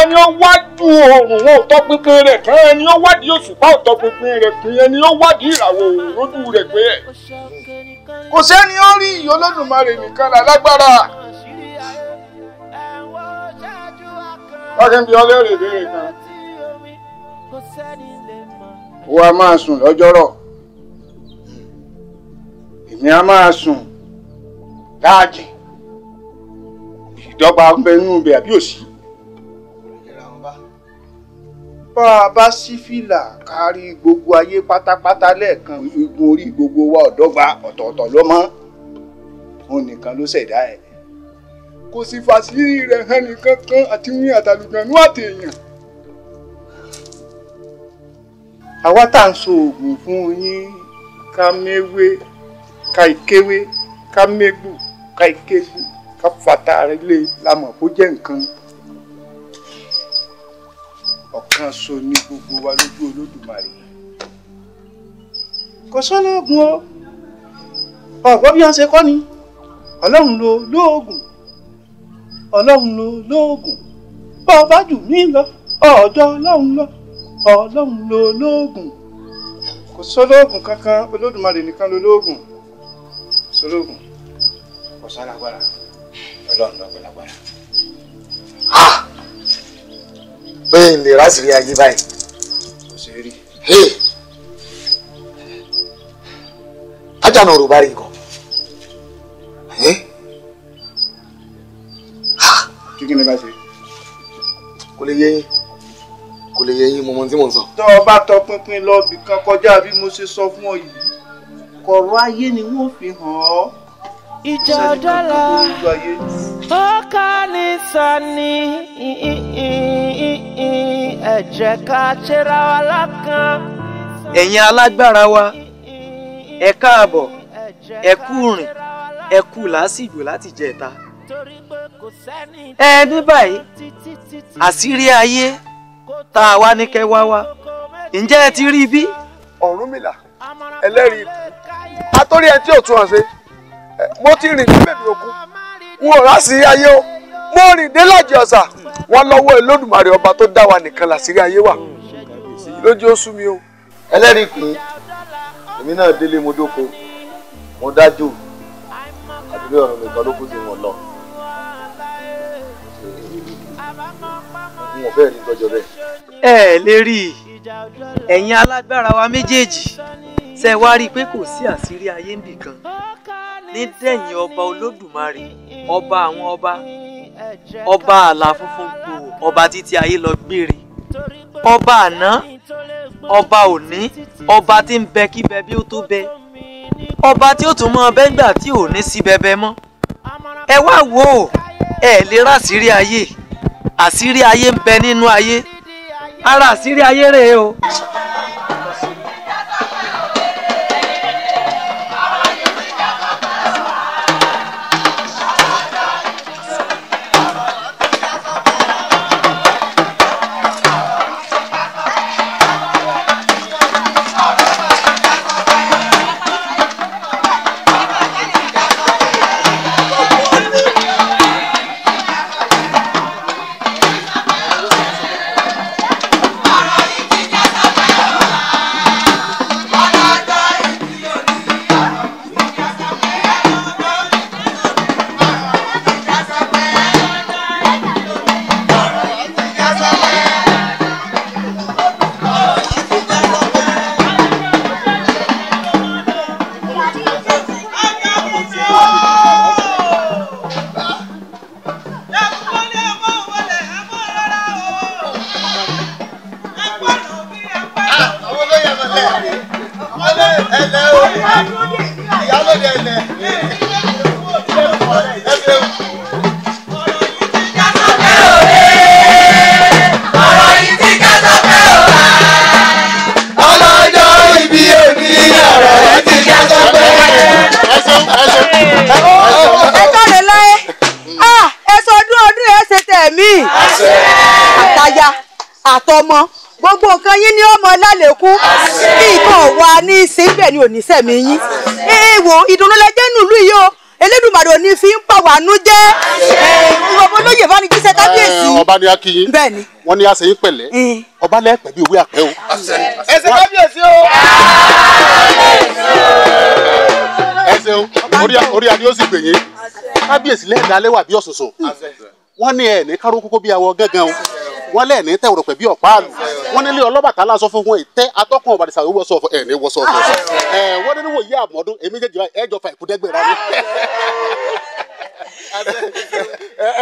ẹni ó wádìí oòrùn wọn ò tọpinpin rẹ̀ kan ẹni ó wádìí òṣùpá ò tọpinpin rẹ̀ pin ẹni ó wádìí ìràwọ̀ òròdù rẹ̀ pé ẹ̀ kò sẹ́ni ó rí ìyó olódùmarè nìkan lálágbára. wákẹ́ ń bi ọlẹ́rìí ìbéèrè kan wọ́n a máa sùn lọ́jọ́rọ̀ èmi a máa sùn dáàjì ìdọ́gba ọgbẹ́ inú ibẹ̀ àbí òsì. bá a bá sí fìlà kárí gbogbo ayé pátápátá lẹ́ẹ̀kan igun orí gbogbo wa ọ̀dọ́gba ọ̀tọ̀ọ̀tọ̀ ló mọ́ òun nìkan ló ṣẹ̀dá ẹ̀ kò sì fàṣírí rẹ̀ hàn nìkan kan àti wín àtàlùgbọ̀nú àtẹ̀yàn. àwa tá à ń so oògùn fún yín ká méwé ká ìkéwé ká mégbò ká ike gbó ká fata rẹ lé lamọ̀ kó jẹ́ nǹkan ọ̀kan so ní gbogbo wa lójú olódùmarè kò sọ́lọ́ọ̀gùn o ọ̀gbọ́n bí wọ́n ṣe kọ́ ni ọlọ́run ló lóògùn ọlọ́run ló lóògùn bọ́ jù mí lọ ọ̀ọ́dọ́ ọlọ́run lọ ọlọ́run ló lóògùn kò sọ́lọ́ọ̀gùn kankan olódùmarè nìkan ló lóògùn sọ́lọ́ọ̀gùn sálágbára ọlọ́run lọ́gbọ̀n lágbára. bẹ́ẹ̀ lè rásìrí ayé báyìí. kò ṣeé rí. ajá náà rò bá rí nǹkan. kí ni bá ṣe. kò lè yé yín kò lè yẹ yín mọ ohun tí mò ń sọ. tó o bá tọ pinpin lọ bìkan kọjá bí mo ṣe sọ fún ọ yìí kọ̀rọ̀ ayé ni wọ́n fi hàn ọ́ ìjà ọ̀dọ́là ó ká ní sani ẹ jẹ́ ká ṣera wa lákan. ẹ̀yin alágbára wa ẹ káàbọ̀ ẹ kú rìn ẹ kú làásìgbò láti jẹta. ẹ ní báyìí àṣírí ayé tá a wá ní kẹ́ wá wá ǹjẹ́ ẹ ti rí bí. Ọ̀rúnmìlà ẹlẹ́rìí atorí ẹ tí ò tún ọ ṣe mo ti rìn ní bèbè òkun n ò rásì ayé o mo rìn dé lájì ọ̀sà wọn lọ́wọ́ Olódùmarè ọba tó dá wa nìkan làṣírí ayé wa lójú ó mi o. ẹlẹ́rìí kùn èmi náà délé mo dóko mo dájú àdúgbò ọ̀rọ̀ mi kan ló kù sí lọ. n bẹ́ẹ̀ ní tọ́jọ́ bẹ́ẹ̀. ẹ lè rí ẹ̀yin alágbára wa méjèèjì ṣe wá rí i pé kò sí àṣírí ayé ń kan ní dẹ̀yìn ọba olódùmarè ọba àwọn ọba ọba àlà funfun gbòò ọba títí ayé lọ gbére ọba àná ọba òní ọba tí ń bẹ kíbẹ bí ó tó bẹ ọba tí ó tún mọ ọbẹ̀ ńgbà tí ò ní sí bẹbẹ mọ́ ẹ wá wò ó ẹ lè rà àṣírí ayé àṣírí ayé ń bẹ nínú ayé ara àṣírí ayé rèé o. lálẹ́kún bí ìbọn wa ní síbẹ̀ ni òní sẹ̀mí yín èèwò ìdùnnú lẹ́jẹ́ nùlú yìí o Elédùmarè òní fi ń pa wàánú jẹ́ ọmọ olóyè bá ní jíṣẹ́ kábíyèsí ọba ní akíyín bẹ́ẹ̀ ni wọ́n ní àṣeyín pẹ̀lẹ́ ọba lẹ́ẹ̀pẹ̀ bí ìwé àpẹ́ o ẹsẹ̀ kábíyèsí o ẹsẹ̀ o orí adé ó sì gbèyìn kábíyèsí lẹ́ẹ̀dá lẹ́wà bí ọ̀ṣọ̀ṣọ̀ wọ́n ní ẹ̀ ní káró kókó bí awọ gángan o wọ́n lẹ́ẹ̀ ní tẹ òròpẹ̀ bí ọ̀pá àlù wọ́n nílé ọlọ́bàtálá sọ fún wọn ìtẹ́ atọ́kùn ọ̀bàdìsá owó sọ fún ẹ̀ ní wọ́sọ̀ ọ̀sọ̀ ẹ̀ wọ́n ní wòye àmọ́dún èmi jẹ́jẹ́ báyìí ẹ̀jọ̀ fa ìkúdẹ́gbẹ̀rẹ́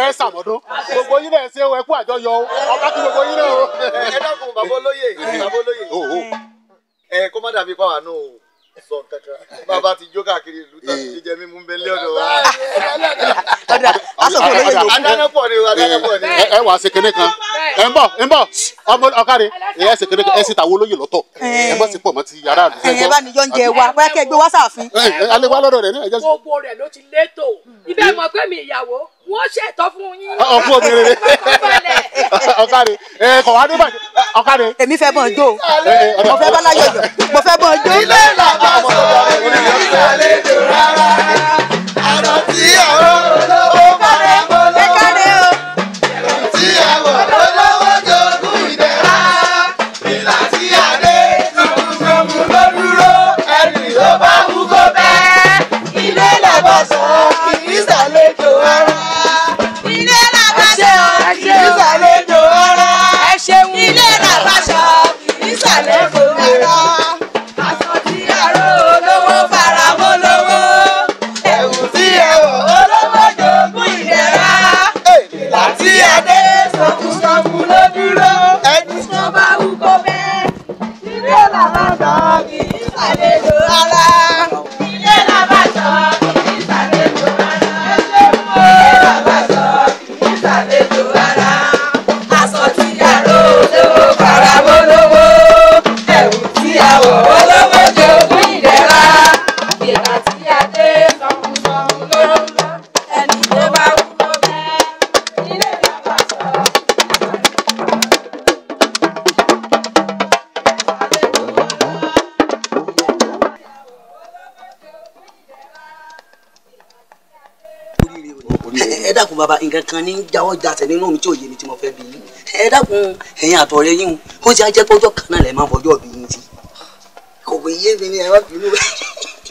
ẹ ṣàmọ́dún gbogbo yín náà ṣe ẹ kú àjọyọ̀ ọba tí gbogbo yín náà. ẹ dákun bàbá olóyè bàbá olóyè ẹ kó má dàbí pàwọn àánú sọ kankan bàbá ti jó káàkiri ìlú tán eh. jíjẹ mímú bẹ́lẹ́ ọ̀dọ̀ wa. ọ̀dà asòfin olóyè òkú. adánẹ́pọ̀ ni o adánẹ́pọ̀ eh, ni. Eh, ẹ wà á ṣe kinní kan ẹ ń bọ̀ ẹ ń bọ̀ ọmọ ọ̀kárí ẹ ṣe kinní kan ẹ sì ta owó lóyè lọ́tọ̀ ẹ bọ́ sí pọ̀ mọ́ ti yàrá àdúgbò. ẹ̀yin bá ní yọ oúnjẹ wa bóyá kẹ́ gbé wá sáàfin. alẹ́ wa lọ́dọ̀ rẹ̀ ní ẹ̀jẹ̀ wọ́n ṣètọ́ fún yín. ọkú obìnrin rẹ ọkàdé ẹ kọ̀ wá dé bàjẹ́ ọkàdé. èmi fẹ́ bọ̀n jó mo fẹ́ bọ́lá yọ̀yọ̀ mo fẹ́ bọ̀n jó. ilé làbá sọ̀rọ̀ ìrìn àlejò rárá àròtí ọ̀rọ̀ olówó bá rẹ̀ bọ̀. sọ̀tún sọ̀tún ló dúró. ẹni tó bá wù kó bẹ́ẹ̀ nílé làwọn gbọ́ kì í ṣàlejò ara. nìkan ní jáwọ́ jasẹ̀ nínú mi tí ò mi tí mo fẹ́ bí yín ẹ dákun ẹ̀yin àtọ̀rẹ́ yín o ó ti jẹ́ pọ́jọ́ kan náà lẹ̀ máa fọjọ́ bí yín ti kò kò mi ni ẹ wá bínú.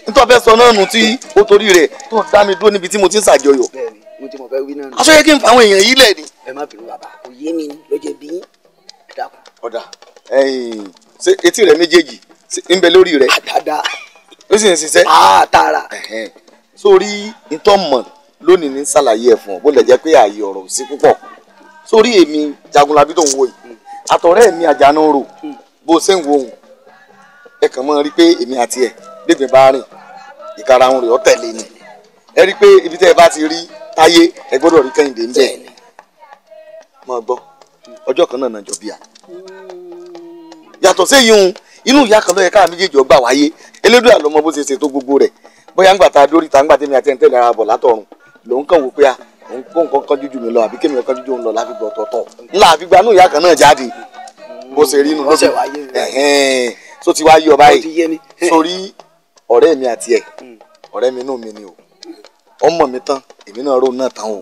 nítorí fẹ́ sọ náà nù tí ó torí rẹ̀ tó dá mi dúró níbi tí mo ti ń ṣàjọyọ̀. bẹ́ẹ̀ni mo ti mọ fẹ́ wí náà aṣọ yẹ kí n fa àwọn èèyàn yìí lẹ̀ ni. ẹ má bínú bàbá kò mi ló jẹ bí yín ẹ dákun. etí rẹ méjèèjì ń bẹ lórí rẹ. àdáadáa. ó sì ń ṣiṣẹ́ lónìí ní sàlàyé ẹ̀ fún ọ bó lè jẹ́ pé ààyè ọ̀rọ̀ ò sí púpọ̀ sórí èmi Jagunlabi tó ń wo yìí hmm. àtọ̀rẹ́ mi àjànà rò hmm. bó ṣe ń wo òun ẹ kàn mọ́ rí pé èmi àti ẹ̀ dégbè bá rìn ìkara òun rè ọ́ tẹ̀lé ni ẹ rí pé ibi tẹ́ ẹ bá ti rí táyé ẹ gbọ́dọ̀ rí kẹ́hìndé ń bẹ̀ ni mọ̀ gbọ́ ọjọ́ kan náà nà jọ bíà hmm. yàtọ̀ sí yìí inú ìyá kan ló káà méjèèjì ọgbà wáyé elédùn àlọ́mọ bó ṣe ṣètò gbogbo rẹ̀ bóyá ńgbà tá a dórí ta ńgbà tẹ́mi àti ẹ̀ ń tẹ̀lé ara bọ̀ látọ̀run lòun kàn wò pé a ah, òun kó nǹkan kan jújù mi lọ àbí kémi kan jújù òun lọ láfi gbọ́ tọ̀tọ̀ ńlá àfi gbanú ìyá kan náà jáde bó ṣe rí inú lóbi so ti wá yí ọ báyìí sórí ọ̀rẹ́ mi àti ẹ̀ hmm. ọ̀rẹ́ mi inú mi ni o ọmọ mi tán èmi náà rò náà tán o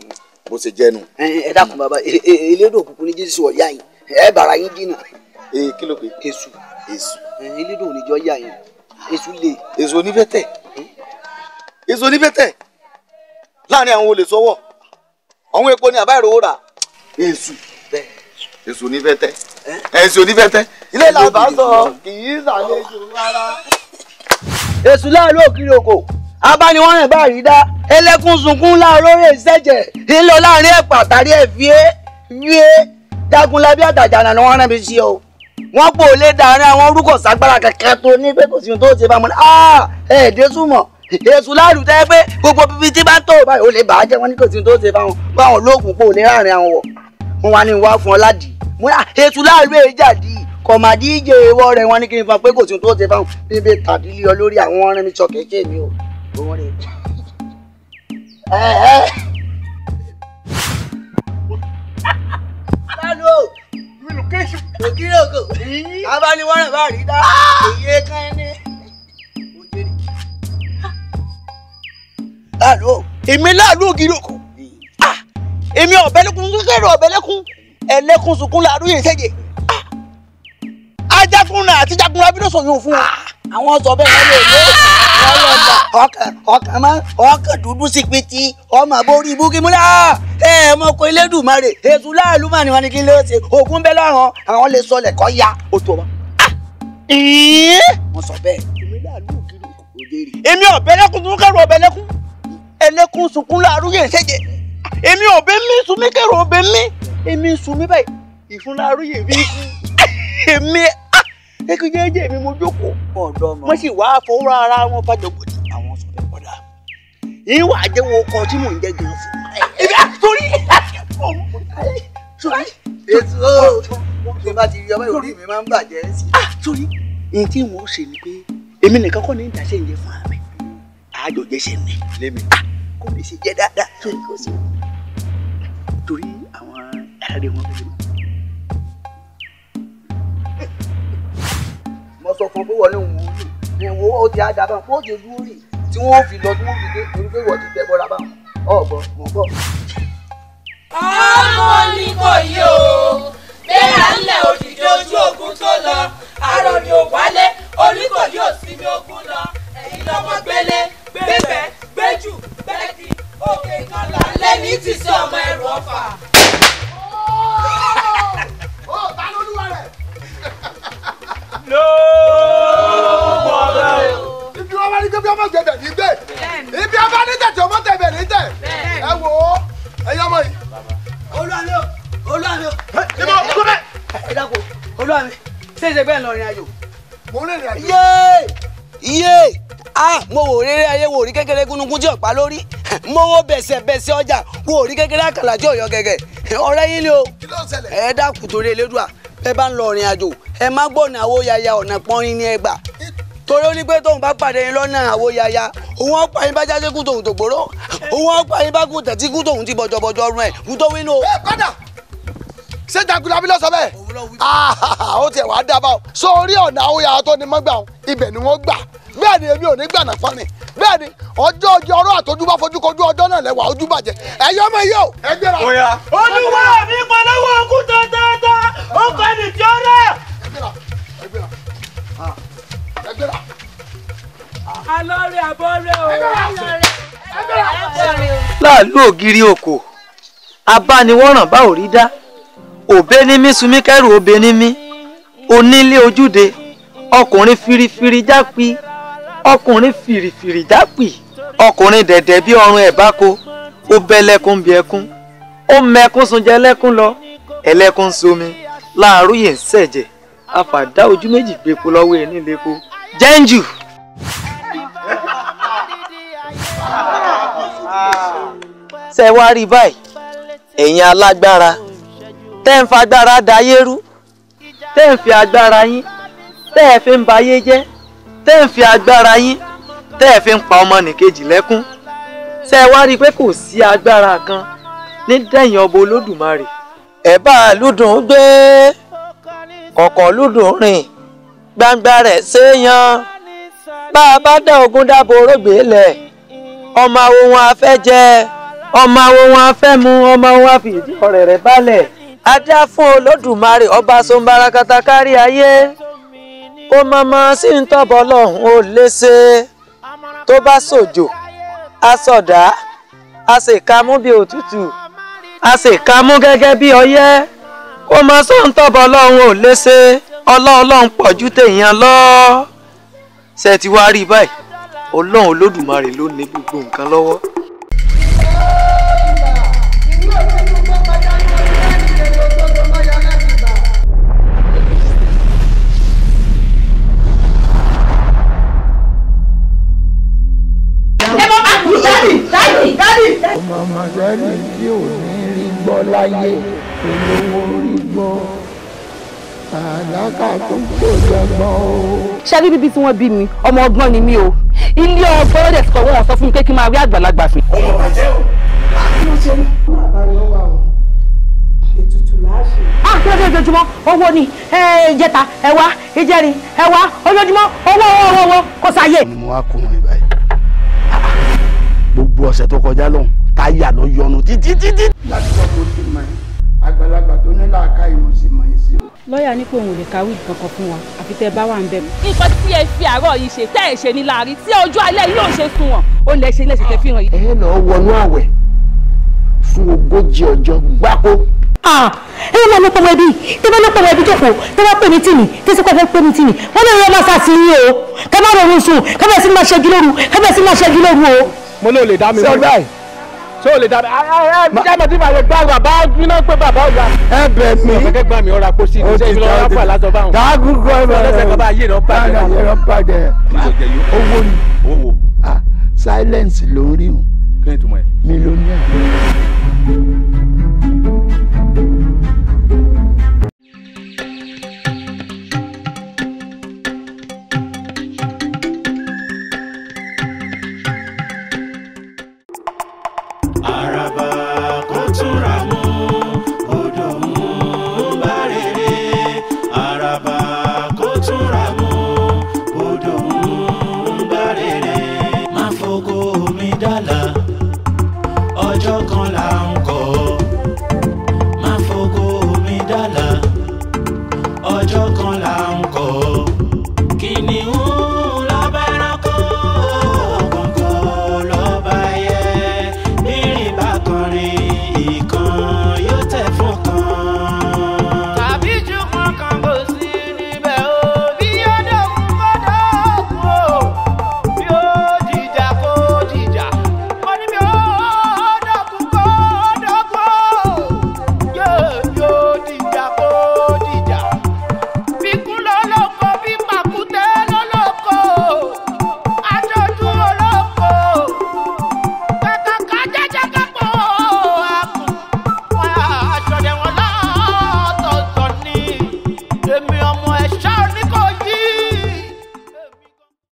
bó ṣe jẹ́ nu. ẹ dákun bàbá e, e, elédò òkùnkùn ní jésù ọ̀yá yìí ẹ bàrà yín dínà. ee kí ló pe. èṣù èṣù. elédò òníjọ yà yín èṣù lè. èṣù onífẹ́ tẹ̀ hmm? èṣù onífẹ́ tẹ̀ láàrin àwọn olè sọ́wọ́ àwọn epo ni àbá ìrówó rà èsù bẹ́ẹ̀ èsù tẹ́ èsù onífẹ́ tẹ́. ilé làbá sọ kì í sàlejò rárá. èsù láàlú òkiri oko abániwọ̀nrẹ̀ bá dá ẹlẹ́kùn sunkún láàárọ̀ rẹ̀ ṣẹ̀jẹ̀ ńlọ láàrin ẹ̀pà àtàrí ẹ̀ fíé yíé jagunlabi àtàjà nàní wọn rẹ̀ mi sí o wọn kò lè dàárín àwọn orúkọ ságbára kankan tó ní pé kò sí ohun tó ṣe bá mọ́ ní ẹ̀ẹ́dẹ́sùmọ̀ èso láàrú tẹ́ pé gbogbo bíbí tí bá tó báyìí ó lè bàá jẹ́ wọ́n ní kò sí tó ṣe báwọn báwọn olóògùn kò ní láàrin àwọn wọ̀ wọ́n wá ní wá fún ọ ládì èso láàrú èyí jàdí kọ̀màdí ìjẹ èèwọ̀ rẹ̀ wọ́n ní kí n fa pé kò sí tó ṣe báwọn bíbí tàbí líọ lórí àwọn ọ̀rẹ́ mi sọ̀kẹ́ ṣe mi ò gbọ́n rẹ̀. lálọ́ òkìrìkò abániwọ̀n bá rí dá ah! èyí kan ní. láàlú o èmi láàlú ògiri òkú èmi ọ̀bẹ́lẹ́kún kékeré ọ̀bẹ́lẹ́kún ẹlẹ́kún sunkún làárú yìí ṣẹ́jẹ̀ ajakunra àti jakunra bí ló sọ yóò fún wa. àwọn sọ bẹ́ẹ̀ wọ́n lè lé wọ́n lọ bá ọkàn ọkàn máa ọkàn dúdú sí pété ọmọ àbórí ibùkímúlá ẹ ọmọkùnrin Elédùmarè ètò láàlú mà ní wọn ni kí n lè ṣe ògùn bẹ́ẹ̀ lọ́rùn àwọn lè sọ lẹ̀kọ́ ya òtò wa. wọ́n sọ bẹ́ẹ̀ èmi ọ̀bẹ́lẹ́kún tó ń kẹ́rù ọ̀bẹ́lẹ́kún ẹlẹ́kùn sunkún láàrúyè ṣẹ́jẹ̀ èmi ò bẹ sunmi kẹrù ò bẹ èmi sunmi báyìí ìfún láàrúyè bí èmi ẹkùn jẹ́jẹ́ mi mo jókòó ọ̀dọ́ ọmọ wọ́n sì wá fọwọ́ ara wọn fàjọgbọ́n ní àwọn sọ ọ̀dà yìí wà á jẹ́ wọn kan tí mò ń jẹ́ gan fún ibi àtúrí àtúrí ètò ṣe bá ti yọ báyìí orí mi máa ń bàjẹ́ sí i. àtúrí ní tí wọn ṣe ni pé èmi nìkan kọ́ ní ìdáṣẹ́ ìjẹ fún àmì àjọ jẹ́sẹ̀ ni lémi ah, kò lè ṣe jẹ́ dáadáa tó yẹ kó ṣe torí àwọn aráàlú wọn lè mọ. mo sọ fún pé wọ́n ní wò ó ní wò ó ti àdá bá wọn ó ti dúró rì tí wọ́n ó fi lọ tí wọ́n fi dé torí pé wọ́n ti tẹ́ bọ́ra bá wọn ọ̀gbọ́n mọ̀ bọ̀. ọmọ ni kò yí o bẹ́ẹ̀ ń lẹ̀ òdìdí ojú ogun tó lọ àròyìn òwálé orí yóò sinmi ogun lọ ẹ̀yin lọ́mọ gbélé gbẹgbẹ gbẹjù gbẹdì òkè ìkànnà lẹni ti sọ ọmọ ẹrù ọfà. ó ta lólúwa rẹ. lóòwò rẹ. ibi wọn bá ní gbẹbí ọmọ gbẹbẹ ní gbẹ ibi ọba ní tẹtẹ ọmọ tẹbẹ ní tẹ ẹ wò ó ẹ yọmọ yìí. olúwa mi o olúwa mi o. ẹ bá wọn kú bẹ. ẹ dákun olúwa mi ṣé ìṣe bẹ́ẹ̀ lọ rìn àjò. mo ń rìn àjò yé ah mo wò rere ayé wò rí kékeré gúnugún tí ọ̀pá lórí mo wo bẹ̀sẹ̀ bẹ̀sẹ̀ ọjà wò rí kékeré àkàlà tí ọ̀yọ́ gẹ̀gẹ̀ ọ̀rẹ́ yín ni o ẹ dákun torí elédùà ẹ bá ń lọ ìrìn àjò ẹ má gbọ́nà àwo yaya ọ̀nà pọ́nrin ní ẹgbà torí ó ní pé tóun bá pàdé yín lọ́nà àwo yaya òun ọ̀pá yín bá jáde kú tòun tògbòrò òun ọ̀pá yín bá kú tẹ̀tí kú tòun ti bọ̀jọ̀bọ̀jọ̀ ọrùn ẹ̀ kú tó wínú. ẹ padà ṣé jagunla bí lọ sọ bẹ́ẹ̀ ah, ó tiẹ̀ wá dábàá sórí ọ̀nà àwo yaya tó ni mọ́gbà ibẹ̀ ni wọ́n gbà bẹ́ẹ̀ ni èmi ò ní gbànà fún mi bẹ́ẹ̀ ni ọjọ́ ọjọ́ ọ̀rọ̀ àtọ́jú bá fojú kojú ọjọ́ náà lẹ́wà ojú bàjẹ́ ẹ̀yọ́ mọ̀ yóò. ẹ jẹ́ra. mi polówó òkú tọ́tọ́tọ́ ó kọ́ ni tí ó rẹ̀. alọ́rẹ̀ ah, o. láàlú ògiri òkò bá ò rí dá òbẹ́ ní mí firifiri jápi. ọkùnrin fìrìfìrì dápì ọkùnrin dẹ̀dẹ̀ bí ọrùn ẹ̀báko ó bẹ́ lẹ́kún bí ẹkún ó mẹ́kún sunjẹ lẹ́kún lọ ẹlẹ́kún somi láàrúyè ń sẹ̀jẹ̀ àfàdá ojú méjì gbépo lọ́wọ́ ẹ̀ jẹ́ńjù. ṣe wá rí báyìí ẹ̀yin alágbára tẹ́ ń fagbára dayé rú tẹ́ ń fi agbára yín tẹ́ ẹ fi ń bayé jẹ́ tẹ́ ẹ̀ fi agbára yín tẹ́ ẹ̀ fi ń pa ọmọnìkejì lẹ́kún ṣe ẹ wá rí i pé kò sí agbára kan ní dẹ̀yìn ọba olódùmarè. ẹ̀bá lùdùn gbé kọ̀kọ̀ lùdùn rìn gbangba rẹ̀ séèyàn bá a bá dá ogun dáàbò orógbè lẹ̀ ọmọ ohun afẹ́ jẹ ọmọ ohun afẹ́ mu ọmọ ohun afìdí ọ̀rẹ́ rẹ̀ balẹ̀ adá fún olódùmarè ọba sọmbarakata ayé ó mọmọ sí ń tọ́bọ̀ lọ́hùn ó léṣe tó bá sòjò a sọ̀dá a sì ka mú bí òtútù a sì ka mú gẹ́gẹ́ bí ọyẹ́ ó mọ sí ń tọ́bọ̀ lọ́hùn ó léṣe ọlọ́ọ̀lọ́hùn pọ̀ ju tèèyàn lọ ṣe ti wá rí báyìí ọlọ́run olódùmarè ló ní gbogbo nǹkan lọ́wọ́. ọmọ mọ̀sẹ́lì tí ò ní rí gbọ́ láyé olówó rí gbọ́ àdáká tó gbòjọ gbọ́n o. ṣebí bíbí tí wọ́n bí mi ọmọ ọgbọ́n ni mí o ilé ọgbọ́n lọ́dẹ̀ sọ wọ́n sọ fún mi pé kí n máa rí àgbàlagbà fún. ọmọ bàjẹ́ o kí ló ṣe ní. ètùtù láàṣẹ. a ah, kí ló owó ni ìjẹta ẹ̀wá ìjẹrin ẹ̀wá ojoojúmọ́ owó owó owó kò sáyé. mo wá kún un gbogbo ọ̀sẹ̀ tó kọjá lọ́hùn táyà lọ yọnu títí títí. láti sọ pé ó ti mọ àgbàlagbà tó ní làákà ìmọ̀ sí mọ̀ ẹ́ o. lọ́ọ̀yà ní pé òun ò lè kàwé kankan fún wa àfi tẹ́ bá wà ń bẹ̀ nǹkan tí ẹ fi àárọ̀ yìí ṣe tẹ́ ẹ ṣe ní láàrin tí ojú alẹ́ yóò ṣe fún wọn ó lè ṣe iléeṣẹ́ tẹ́ fi hàn yìí. ẹ lọ wọnú àwẹ̀ fún ogójì ọjọ́ gbáko. ẹ lọ lọ pọmọ ẹbí tẹ bá lọ pọmọ ẹbí jókòó tẹ bá pè mí tì mí tẹ sọ fẹ́ pè mí tì mí wọ́n lè rí ọmọ sàṣìyí o ká mo ló lè dá mi fún mi ṣé o lè dá mi ah, ah, ah, ẹ jẹ́ mi tí bàbá gbà bàbá gbiná pé bàbá ọ̀gá. ẹ bẹ mi ọmọ kẹgbẹ mi ọ̀rọ̀ àpòsí ní sẹ́yìn lọ rà fún àlàsọ báwọn. dàgùn kọ ẹ bẹ ọlọsẹ kọba ayé rẹ bàjẹ́. ayé rẹ bàjẹ́ owó ni owó silence lórí o. kí ni tuma yẹ. mílíọ̀nù.